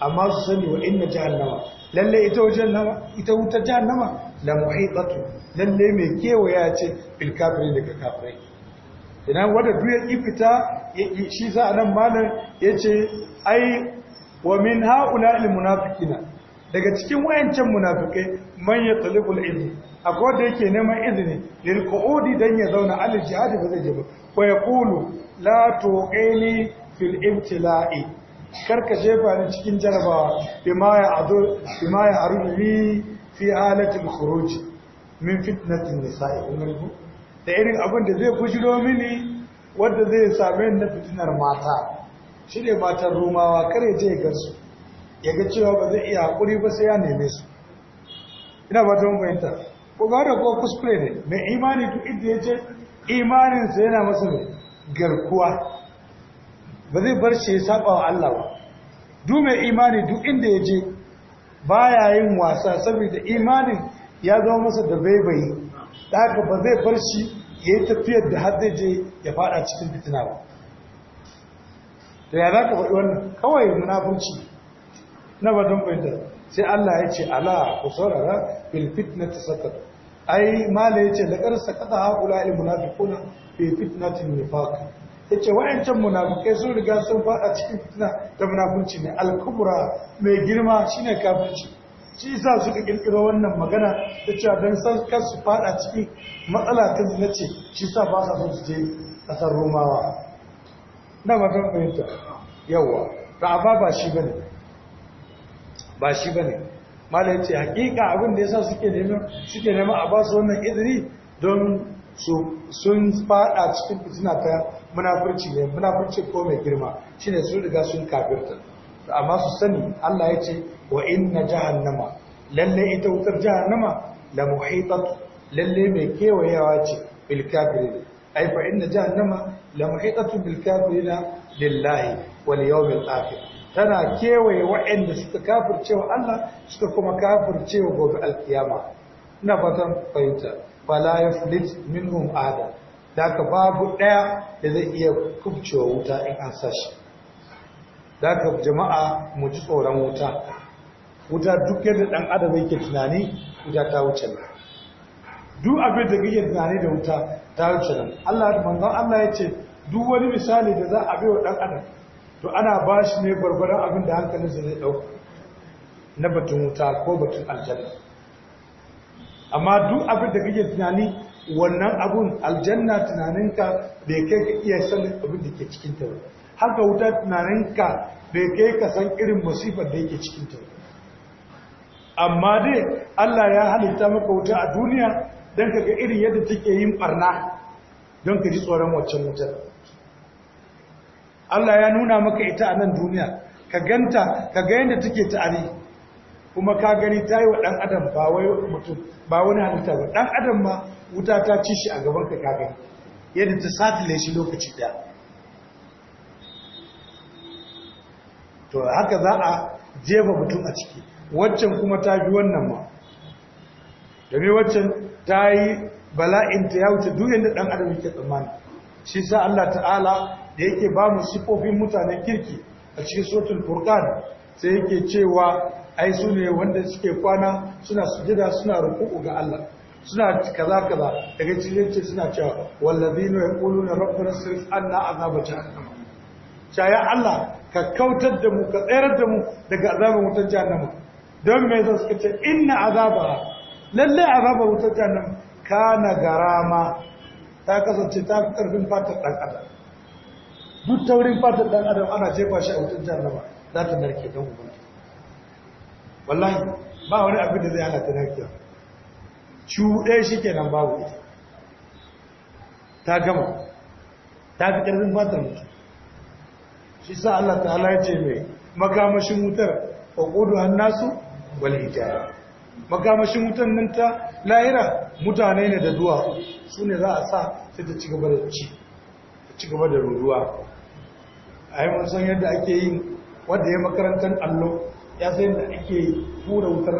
amma su sani wa inna jahannama lalle ita wajen nama ita wuta jahannama la muhitatu lalle mai kewaya ce bil kafirin daga kafirai ina wanda duk ya fita shi a nan malam ce ai wa min haula al munafiqina daga cikin wayancan munafikai man ya talibul izni akwai wanda yake neman izini lil qu'udi dan ya zauna al jihad ba zai je ba ya kulu la tuqini fil ibtila'i karka jefa ni cikin jarabawa bima ya azu bima ya arubi fi alati al khuruj min fitnatin nisa'i da irin abin da zai kujiro mini wadda zai same ni na fitinar mata shi ne matan rumawa kare je ya ya ga cewa ba zai iya haƙuri ba sai ya neme su ina ba don bayanta ko ba da ko kuskure ne mai imani duk inda ya imaninsa yana masa garkuwa ba zai bar shi ya saba wa Allah ba duk mai imani duk inda ya je baya yin wasa saboda imanin ya zama masa da baibayi da haka ba zai bar shi ya yi tafiyar da har zai je ya fada cikin fitina ba da ya za ka faɗi wannan kawai munafunci na ba don fahimta sai Allah ya ce ala ku saurara bil fitnati sakat ai mala ya ce da kar sakata haƙula il munafiquna fi fitnatin nifaq ya ce wa'ancan munafukai sun riga sun fada cikin fitina ta munafunci ne alkubra mai girma shine kafirci shi yasa suka kirkiro wannan magana ta cewa dan san kar su fada ciki matsala ta zina ce shi sa ba sa son su je ƙasar romawa na matan fahimta yawa ra'aba ba shi ba ne ba shi ba ne malai ce hakika abin da ya sa suke neman suke neman a ba su wannan idiri don sun fada cikin fitina ta munafurci ne munafurci ko mai girma shine su riga sun kafirta amma su sani Allah yace wa inna jahannama lalle ita wutar jahannama la muhitat lalle mai kewayewa ce bil kafirin ai fa inna jahannama la muhiqatu bil kafirin lillahi wal yawmil akhir tana kewaye waɗanda suka kafircewa Allah suka kuma kafircewa gobe alkiyama ina fatan fahimta fala yaflit minhum ada da babu ɗaya da zai iya kubcewa wuta in an sashi da jama'a mu ji tsoron wuta wuta duk yadda dan adam yake tunani wuta ta wuce ne duk abin da kake tunani da wuta ta wuce nan Allah manzo Allah ya ce duk wani misali da za a bayar wa dan adam to ana ba shi ne gwargwaron abin da hankalinsa zai dauka na batun wuta ko batun aljanna amma duk abin da kake tunani wannan abun aljanna tunaninka bai kai ka iya san abin da ke cikin ta haka wuta tunaninka bai kai ka san irin musibar da yake cikin ta amma dai Allah ya halitta maka wuta a duniya don ka ga irin yadda take yin barna don ka ji tsoron waccan wutar Allah ya nuna maka ita a nan duniya ka ganta ka ga yadda take ta'ari kuma ka gani ta yi wa ɗan adam ba wai mutum ba wani halitta ba ɗan adam ma wuta ta ci shi a gaban ka ka gani yadda ta satile shi lokaci ɗaya to haka za a jefa mutum a ciki waccan kuma ta bi wannan ma Dami waccan ta yi bala'inta ya wuce duk yadda ɗan adam yake tsammani shi sa Allah ta'ala da yake ba mu sifofin mutanen kirki a cikin sotun furqan sai yake cewa ai su ne wanda suke kwana suna sujida suna ruku'u ga Allah suna kaza kaza daga cikin suna cewa wallazina yaquluna rabbana sirf anna azaba a cha ya Allah ka kautar da mu ka tsayar da mu daga azabar wutar jahannama don me zan suka ce inna azaba lalle raba wutar na kana garama ta kasance ta fi karfin fatar ɗan adam duk taurin fatar ɗan adam ana jefa shi a wutar ba za ta narke don ubangi wallahi ba wani abin da zai hana ta narke cuɗe shi nan babu ita ta gama ta fi ƙarfin fatar mutu shi sa Allah ta halaye mai makamashin wutar ƙwaƙudu hannasu wal hijara makamashin wutan nan ta lahira mutane ne da duwa su ne za a sa sai ta cigaba da ci ta cigaba da ruruwa a yi san yadda ake yi wadda ya makarantar allo ya sai yadda ake hura wutar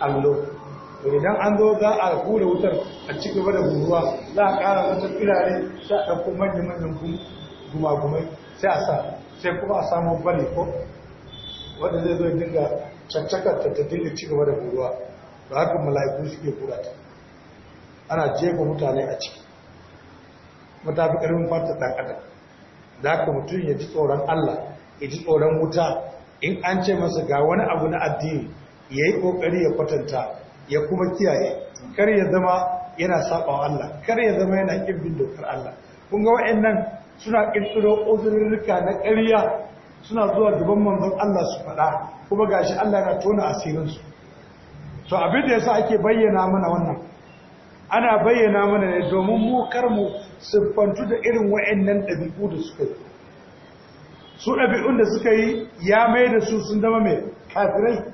allo to idan an zo za a hura wutar a cigaba da ruruwa za a kara wata kirare sai a ɗauko manya-manyan gumagumai sai a sa sai kuma a samu bane ko wadda zai zo dinga cancakar ta dinga cigaba da ruruwa da haka mala'iku suke kura ta ana jefa mutane a ciki Mata fi ƙarfin fata ɗan adam da haka mutum ya ji tsoron Allah ya ji tsoron wuta in an ce masa ga wani abu na addini ya yi ƙoƙari ya kwatanta ya kuma kiyaye kar ya zama yana saɓawa Allah kar ya zama yana bin dokar Allah kun ga wa'annan suna ƙirƙiro uzurrika na ƙarya suna zuwa gaban manzon Allah su faɗa kuma gashi Allah yana tona asirinsu to abin da yasa ake bayyana mana wannan ana bayyana mana ne domin mu kar mu siffantu da irin wa'annan ɗabi'u da suka yi su ɗabi'un da suka yi ya mai da su sun zama mai kafirai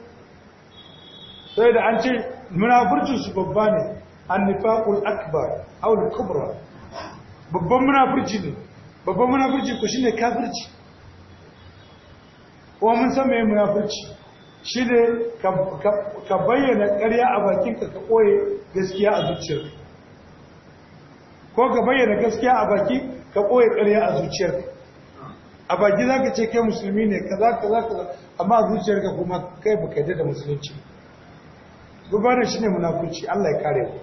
sai da an ce munafurcin su babba ne annifaqul akbar aw al-kubra babban munafurci ne babban munafurci ko shine kafirci ko mun san me munafurci shi ne ka bayyana ƙarya a bakinka ka ɓoye gaskiya a zuciyar ko ka bayyana gaskiya a baki ka ɓoye ƙarya a zuciyar a baki za ka ce kai musulmi ne ka za ka za ka amma a zuciyar ka kuma kai ba ka da musulunci gubarar shi ne munafurci allah ya kare ku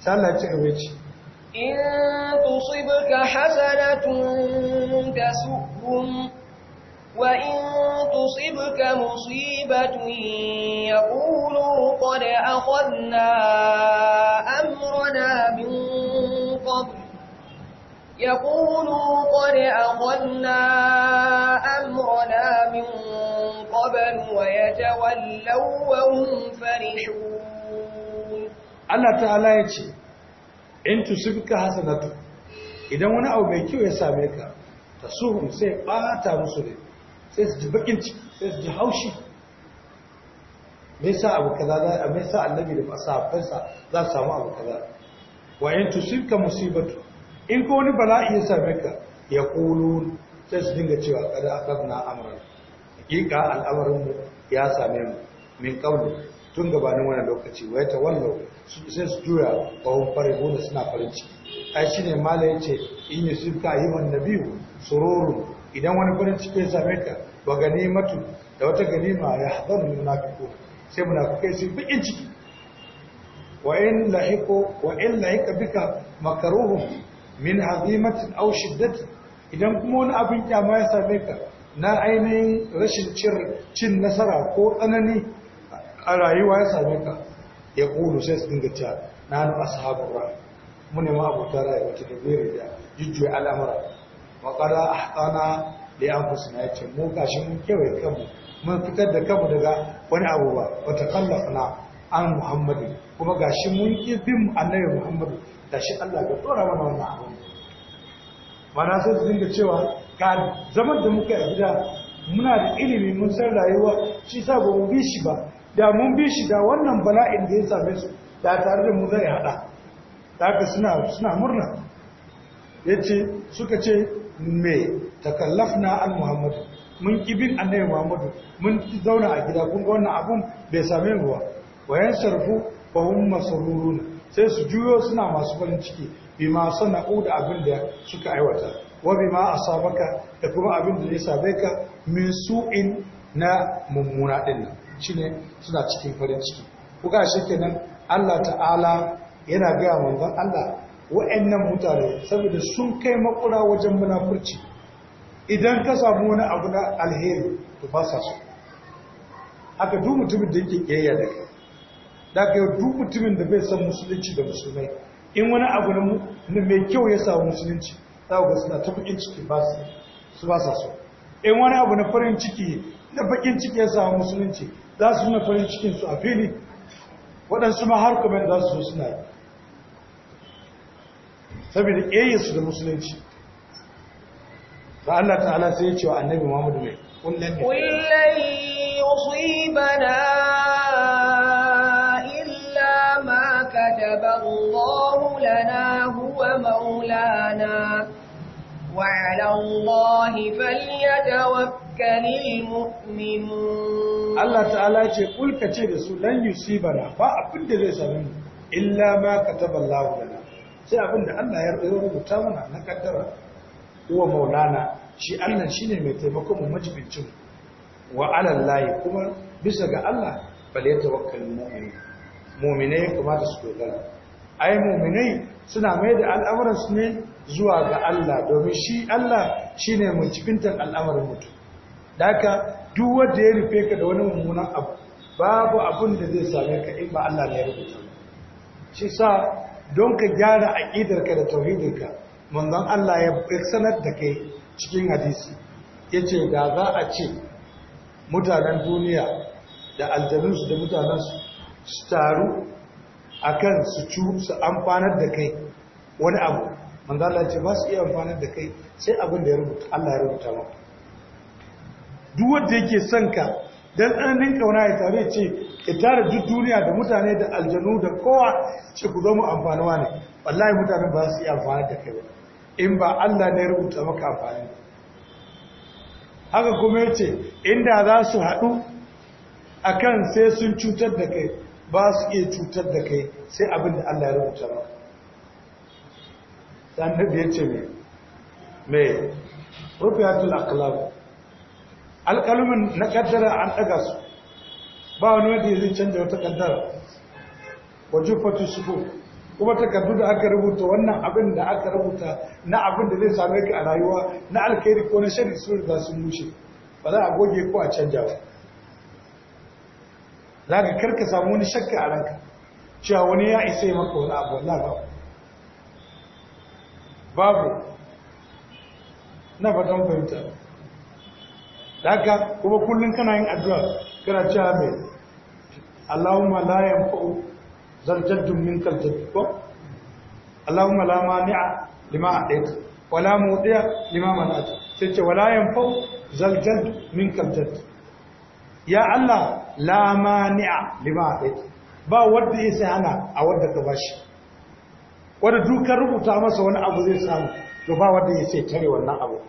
sai allah ya ci gaba ci in tusibka hasanatun tasubhum وإن تصبك مصيبة يقولوا قد أخذنا أمرنا من قبل يقولوا قد أخذنا أمرنا من قبل ويتولوا وهم فرحون الله تعالى يتي إن تصبك حسنة إذا wani abu mai kyau ya same ka tasuhum sai ɓata musu ne sai su ji bakin ciki sai su ji haushi me sa abu kaza da me sa annabi da sahabbansa za su samu abu kaza wa in tusibka musibatu in ko wani bala'i ya same ka ya kulu sai su dinga cewa kada na amran hakika al'amarin mu ya same mu min qawli tun gabanin wannan lokaci wai ta wallo sai su juya kawun fare gona suna farin ciki ai shine malai yace in yi ayyuhan Nabiyu, sururun idan wani farin ciki ya same ka wa ganimatu da wata ganima ya hadaru munafiqun sai munafikai su bikin ciki wa in bika makaruhum min azimatin au shiddati idan kuma wani abin kyama ya same ka na ainihin rashin cin nasara ko tsanani a rayuwa ya same ka ya ƙulu sai su dinga na hannu ashabar ra mu ne ma abota rayuwa ta da bere da jujjuya al'amura a hatsana da ya fusu na yake muka shi mun kewaye kanmu mun fitar da kanmu daga wani abu ba wata suna an muhammadu kuma gashi mun ƙi bin annabi muhammadu shi allah ga tsora mana wannan abu mana sai su dinga cewa ga zaman da muka yi gida muna da ilimi mun san rayuwa shi sa ba mu bi shi ba da mun bi shi da wannan bala'in da ya same su da tare da mu zai hada da ka suna murna ya ce suka ce me na an muhammadu mun kibin annabi muhammadu mun zauna a gida kun wannan abun bai same ruwa wayan sarfu fa masaruru masruruna sai su juyo suna masu farin ciki bima sana'u da abin da suka aiwata wa a sabaka da kuma abin da ya same ka min su'in na mummuna din nan ne suna cikin farin ciki kuka shi kenan Allah ta'ala yana gaya manzon Allah wa'annan mutane saboda sun kai makura wajen munafurci idan ka samu wani abu na alheri to ba sa su haka duk mutumin da yake kiyayya da kai da ka yau duk mutumin da bai san musulunci da musulmai in wani abu na mai kyau ya samu musulunci za ga suna ta bakin ciki su ba sa so in wani abu na farin ciki na bakin ciki ya samu musulunci za su na farin cikin su a fili waɗansu ma har kuma za su suna saboda ƙeyinsu da musulunci ta Allah ta'ala sai ya annabi Muhammadu mai kullum bana illa ma kataba Allahu lana huwa maulana wa Allah ta'ala ce kulka ce da su lan bana ba abin da zai same illa ma ka Allahu lana sai abin da Allah ya rubuta mana na kaddara uwa maulana shi Allah ne mai taimakon mu majibincin wa alallahi kuma bisa ga Allah bale tawakkalul mu'min mu'minai kuma da su dogara ai mu'minai suna mai da al'amuran ne zuwa ga Allah domin shi Allah shi shine mujibintan al'amarin mutum daka duk wanda ya rufe ka da wani mummunan abu babu abin da zai same ka in ba Allah ne ya rubuta shi sa don ka gyara ka da tauhidinka manzan Allah ya sanar da kai cikin hadisi Ya ce da za a ce mutanen duniya da aljanunsu da mutanensu su taru kan su cu su amfanar da kai wani abu manzan Allah ce ba su iya amfanar da kai sai abin da ya rubuta Allah ya rubuta ba duk wanda yake son ka don ɗan rinka wani ya tare ce ya tara duk duniya da mutane da aljanu da kowa ce ku zo mu amfanuwa ne wallahi mutane ba su yi amfani da kai in ba Allah ne rubuta maka amfani haka kuma ya ce inda za su haɗu a kan sai sun cutar da kai ba su iya cutar da kai sai abin da Allah ya rubuta maka annabi ya ce mai mai rufiyatul aqlab alƙalumin na kaddara an ɗaga su ba wani ya zai canza wata kaddara wa su sufu kuma takardu da aka rubuta wannan abin da aka rubuta na abin da zai same ka a rayuwa na alkhairi ko na shari sun riga sun mushe ba za a goge ko a canja ba za ka karka samu wani shakka a ranka cewa wani ya isa maka wani abu na babu babu na fatan fahimta da kuma kullum kana yin addu'a kana cewa mai Allahumma la yanfa'u zal jaddun minkal jadd ko Allahumma la mani'a lima a'taita ce wala yanfa'u zal jadd minkal jadd ya Allah la mani'a lima a'taita ba wanda yake hana a wanda ka bashi wanda dukkan rubuta masa wani abu zai samu ba wanda yake tare wannan abu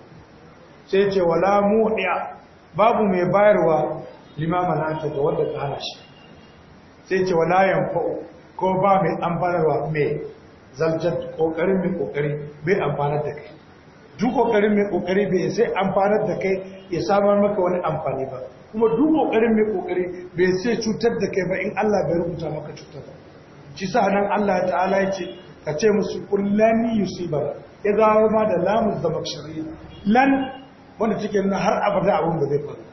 ce wala mudiya babu mai bayarwa limama na ta da shi sai ce wala fa’o ko ba mai amfanarwa mai zaljad kokarin mai kokari bai amfanar da kai duk kokarin mai kokari bai sai amfanar da kai ya samar maka wani amfani ba kuma duk kokarin mai kokari bai sai cutar da kai ba in Allah bai rubuta maka cutar ba ci sa nan Allah ta'ala ya ce ka ce musu kullani yusiba ya zama ma da lamun da bakshari lan wanda take nuna har abada abin da zai faru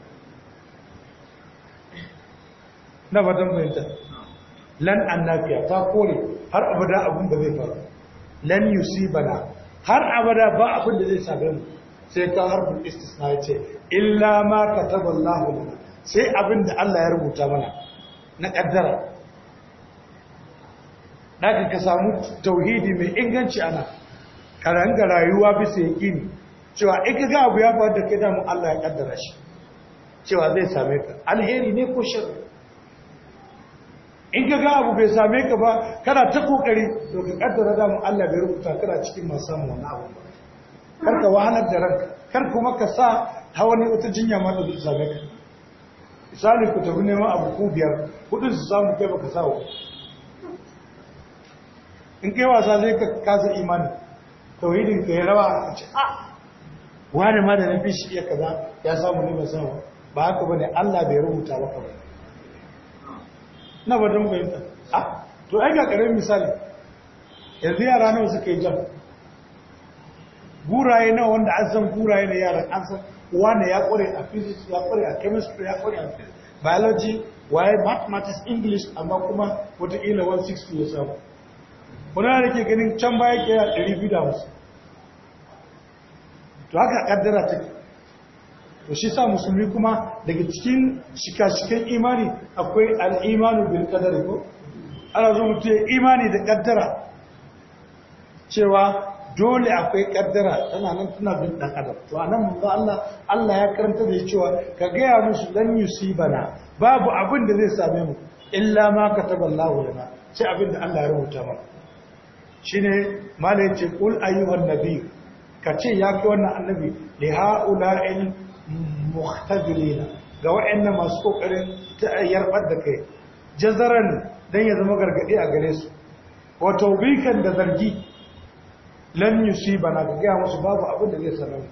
na fatan fahimta lan annafiya ta kore har abada abin da zai faru lan yusibana har abada ba abin da zai same mu sai ta harfin istisna yace ce illa ma kataballahu lana sai abin da Allah ya rubuta mana na kaddara daga ka samu tauhidi mai inganci ana karanga rayuwa bisa yaqini cewa in ka ga abu ya faru da kai da mu Allah ya kaddara shi cewa zai same ka alheri ne ko shirri in ka ga abu bai same ka ba kana ta kokari to ka kaddara da mu Allah bai rubuta kana cikin masu samun wani abu kar ka wahalar da ranka kar kuma ka sa hawani wata jinya ma da zai same ka misali ku tafi neman abu ku biyar kudin su samu kai baka sa wa in kai wasa zai ka kasa imani tauhidin ka ya rawa a ce a ah, wani ma da na fi shi iya kaza ya samu ne ba samu ba haka bane Allah bai rubuta maka ba na ba don fahimta a ah, to ai ga karamin misali yanzu yara nawa suka yi jam guraye nawa wanda an san guraye na yara an san wane ya kware a physics ya kware a chemistry ya kware a biology waye mathematics english amma kuma wataƙila 160 ya samu wani da ke ganin can baya ke a 250 to haka kaddara take to shi sa musulmi kuma daga cikin shika-shikan imani akwai al'imanu bil kadari ko ana zo mutu ya imani da kaddara cewa dole akwai kaddara tana nan tana bin dan adam to anan manzo Allah Allah ya karanta da cewa ka gaya musu dan bana. babu abin da zai same mu illa ma ka kataballahu lana sai abin da Allah ya rubuta mana shine malai ce kul ayyuhan nabiy ka ce ya kai wannan annabi li ha'ula'il muhtabilina ga wa'annan masu kokarin yarbar da kai jazaran dan ya zama gargadi a gare su wa tawbikan da zargi lan bana ga gaya musu babu abin da zai sanar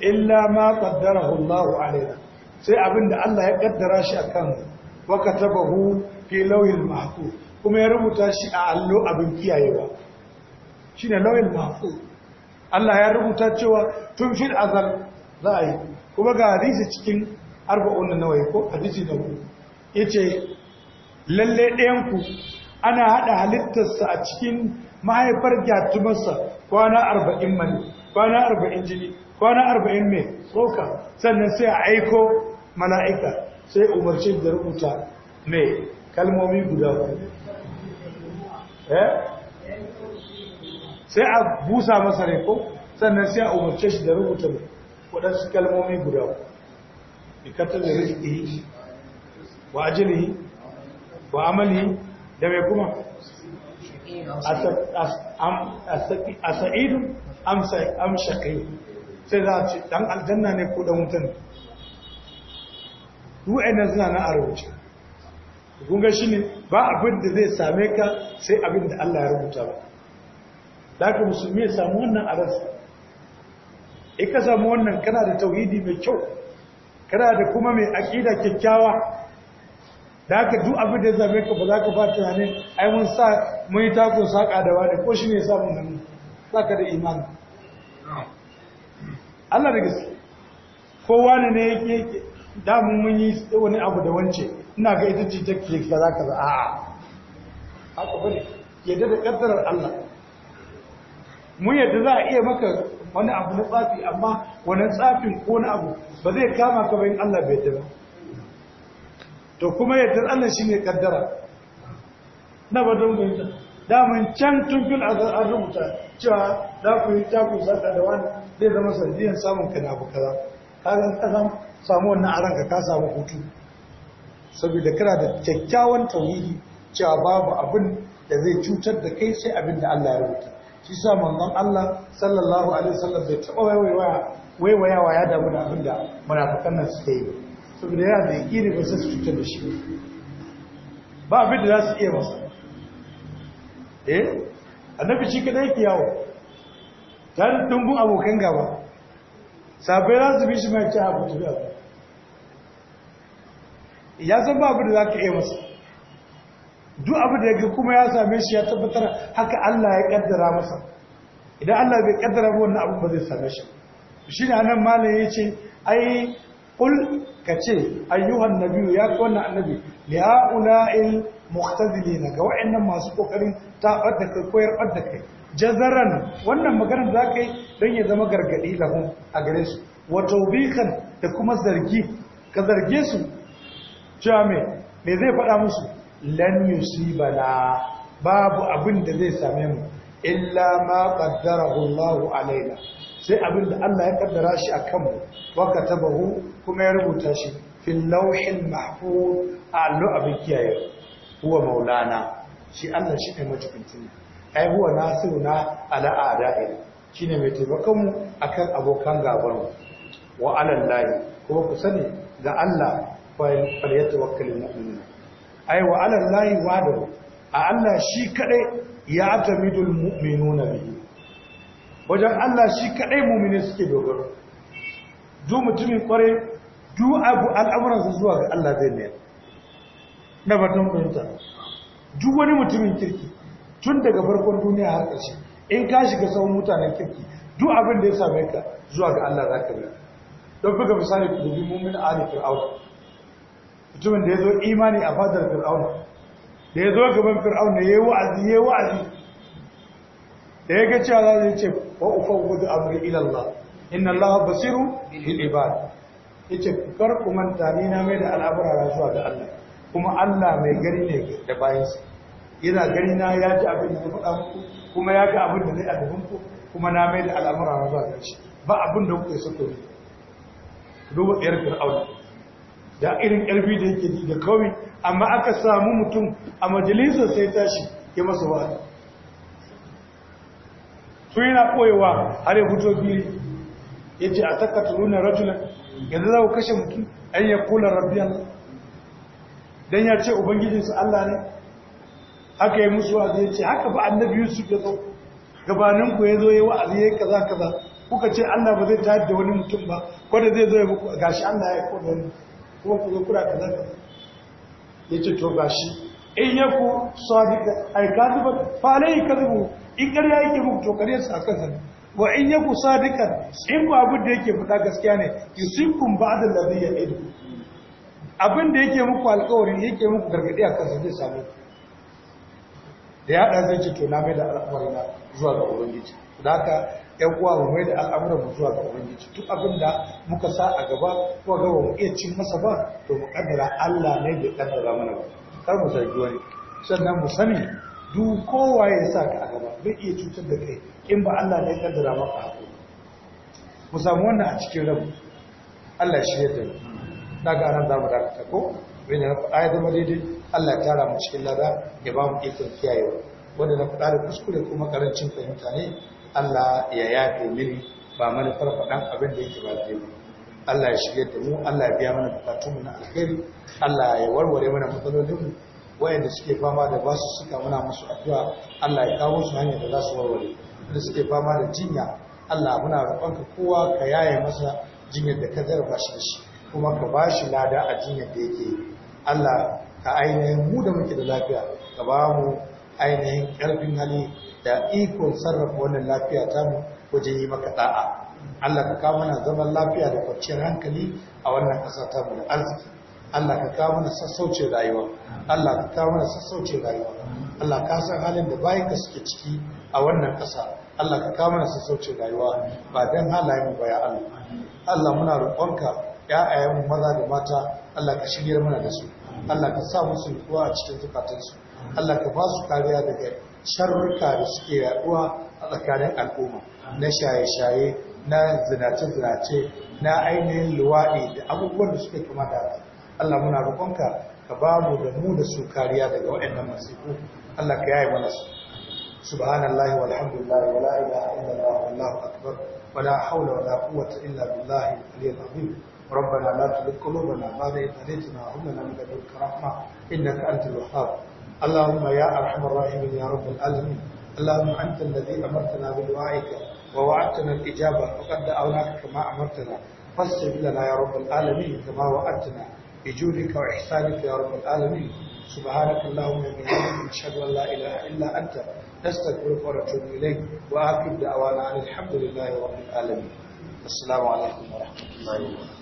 illa ma qaddarahu Allah alaina sai abin da Allah ya kaddara shi akan wa katabahu fi lawhil mahfuz kuma ya rubuta shi a allo abin kiyayewa shine lawhil mahfuz Allah ya rubuta cewa tun fil azal za a yi kuma ga hadisi cikin arba'un na nawayi ko hadisi ku. Ya yace lalle ɗayan ku ana hada halittarsa a cikin mahaifar gyatumarsa kwana arba'in mani kwana arba'in jini kwana arba'in mai tsoka sannan sai a aiko mala'ika sai umarci da rubuta mai kalmomi guda eh? sai a busa masa ko sannan sai a umarce shi da rubuta mai waɗansu kalmomi guda bi da rizki wa ajini wa amali da mai kuma a sa'idu am shaƙi sai za a ce ɗan aljanna ne ko ɗan wutan duwainan zina na a rubuce gunga shi ne ba abin da zai same ka sai abin da Allah ya rubuta ba da ka musulmi ya samu wannan arasa in ka samu wannan kana da tauhidi mai kyau kana da kuma mai aƙida kyakkyawa da haka duk abin da zabe ka ba za ka ba tunanin ai mun sa mun yi tako saƙa da wani ko ne ya sa mun za ka da imani Allah da gaske kowa ne ne yake damun mun yi wani abu da wance ina ga ita ce take kaza kaza a'a haka bane yadda da ƙaddarar Allah mun yadda za a iya maka wani abu na tsafi amma wani tsafin ko na abu ba zai kama ka bayan Allah bai ta ba to kuma yadda Allah shi ne kaddara na ba don gunta damar can tun fil an rubuta cewa za ku yi taku zaka da wani zai zama sanadiyan samun ka na abu kaza ka san samu wannan ranka ka samu hutu saboda kana da kyakkyawan tauhidi cewa babu abin da zai cutar da kai sai abin da Allah ya rubuta shi sa manzon Allah sallallahu alaihi wasallam bai taɓa wa ya damu da abin da munafikan nan suke yi saboda yana da yakini ba sai su cutar da shi ba abin da za su iya masa eh annabi shi kadai yake yawo ta tungun abokan gaba sabai za su bi shi mai ci abu tafiya ya san ba abin da za ka iya masa duk abu da ga kuma ya same shi ya tabbatar haka Allah ya kaddara masa idan Allah bai kaddara ba wannan abu ba zai same shi shine anan malam yace ai qul kace ayyuhan nabiy ya ko wannan annabi li'aula'il muhtadilin ga wa'annan masu kokarin ta da kai koyar kai jazaran wannan maganar da kai dan ya zama gargadi lahum a gare su wa tawbikan da kuma zargi ka zarge su cewa ne me zai faɗa musu lan la babu abin da zai same mu illa ma qaddarahu Allahu alaina sai abin da Allah ya kaddara shi akan mu wa katabahu kuma ya rubuta shi fil lawhil mahfuz allo abin kiyaye huwa maulana shi Allah shi ne majibincin ai huwa nasiruna ala a'da'ina shine mai taimakon mu akan abokan gaban mu wa alallahi kuma ku sani da Allah fa yatawakkalul muminun ai wa alallahi a Allah shi kadai ya tamidul mu'minuna bihi wajen Allah shi kadai mu'mini suke dogaro du mutumin kware du abu su zuwa ga Allah zai ne na batun fahimta duk wani mutumin kirki tun daga farkon duniya har ƙarshe in ka shiga sauran mutanen kirki du abin da ya same ka zuwa ga Allah za ka biya don buga misali ku bi mumin ali fir'aun mutumin da ya zo imani a fadar fir'auna da ya zo gaban fir'auna ya yi wa'azi ya yi wa'azi da ya gaci cewa za zai ce wa ufawwudu amri ila Allah inna Allah basiru bil ibad yace kar ku manta ni na mai da al'amura zuwa ga Allah kuma Allah mai gani ne da bayan bayansa yana gani na ya ji abin da faɗa muku kuma ya ga abin da zai a gaban ku kuma na mai da al'amura na zuwa ga shi ba abin da kuke so ku duba tsayar fir'auna da irin ƙarfi da yake ji da kawai amma aka samu mutum a majalisar sai tashi ya masa wa'azi su yana koyewa har ya fito biri, ya ce a takata nuna rajulan yadda za ku kashe mutum an ya kula rabiyan don ya ce ubangijinsu allah ne haka yi musu wa ya ce haka ba annabi yusuf da zo gabaninku ya zo ya wa'azi ya kaza kaza kuka ce allah ba zai tayar da wani mutum ba kwada zai zo ya ga gashi allah ya koda wani kuma ku zo kura ya ce to in ya ku sadiqa in sa kansa wa in ku in ku abin da yake faɗa gaskiya ne yusikum abin da yake muku alkawari yake muku gargadi a kansa zai same da ya ɗan zai ce to na mai da al'amari na zuwa ga ubangiji da haka yan uwa mu mai da al'amuran mu zuwa ga ubangiji duk abin da muka sa a gaba ko ga mu iya cin masa ba to mu kaddara Allah ne da kaddara mana ba kar mu zargi wani sannan mu sani duk kowa ya sa ka a gaba bai iya cutar da kai in ba Allah ne ya kaddara maka haka mu samu wannan a cikin rabu Allah shi ya tafi. da na ga ran zamu dakata ko wanda na faɗa ya zama daidai Allah ya tara mu cikin lada ya ba mu ikon kiyayewa wanda na faɗa da kuskure kuma karancin fahimta ne Allah ya yafe mini ba mana farfaɗan abin da yake ba zai ba Allah ya shirya da mu Allah ya biya mana bukatunmu na alheri Allah ya warware mana matsalolinmu wayanda suke fama da basu suka muna musu addu'a Allah ya kawo su hanyar da za su warware da suke fama da jinya Allah muna roƙonka kowa ka yaye masa jinyar da ka zarba shi da shi kuma ka ba shi lada a jinyar da yake Allah ka ainihin mu da muke da lafiya ka ba mu ainihin ƙarfin hali da ikon sarrafa wannan lafiya ta mu wajen yi maka da'a Allah ka kawo mana zaman lafiya da kwanciyar hankali a wannan ƙasa ta mu da arziki Allah ka kawo mana sassaucin rayuwa Allah ka kawo mana sassaucin rayuwa Allah ka san halin da bayan ka suke ciki a wannan ƙasa Allah ka kawo mana sassaucin rayuwa ba dan halayen mu ba ya Allah Allah muna roƙonka ‘ya'yayenmu maza da mata Allah ka shigar mana da su, Allah ka sa musu kuwa a cikin zukatansu, Allah ka ba su kariya daga sharruka da suke yaduwa a tsakanin al'umma na shaye-shaye na zinace-zinace na ainihin luwaɗi da abubuwan da suke kuma da Allah muna rukunka ka ba mu da mu da su kariya daga waɗannan masifu Allah ka yaye mana su subhanallahi walhamdulillahi wala ilaha illallah wallahu akbar wala hawla wala quwwata illa billahi aliyyil azim ربنا لا تزغ قلوبنا بعد إذ هديتنا وهب لنا من لدنك رحمة إنك أنت الوهاب اللهم يا أرحم الراحمين يا رب العالمين اللهم أنت الذي أمرتنا بدعائك ووعدتنا الإجابة وقد دعوناك كما أمرتنا فاستجب لنا يا رب العالمين كما وعدتنا بجودك وإحسانك يا رب العالمين سبحانك اللهم وبحمدك نشهد أن لا إله إلا أنت نستغفرك ونتوب إليك وآخر دعوانا عن الحمد لله رب العالمين السلام عليكم ورحمة الله وبركاته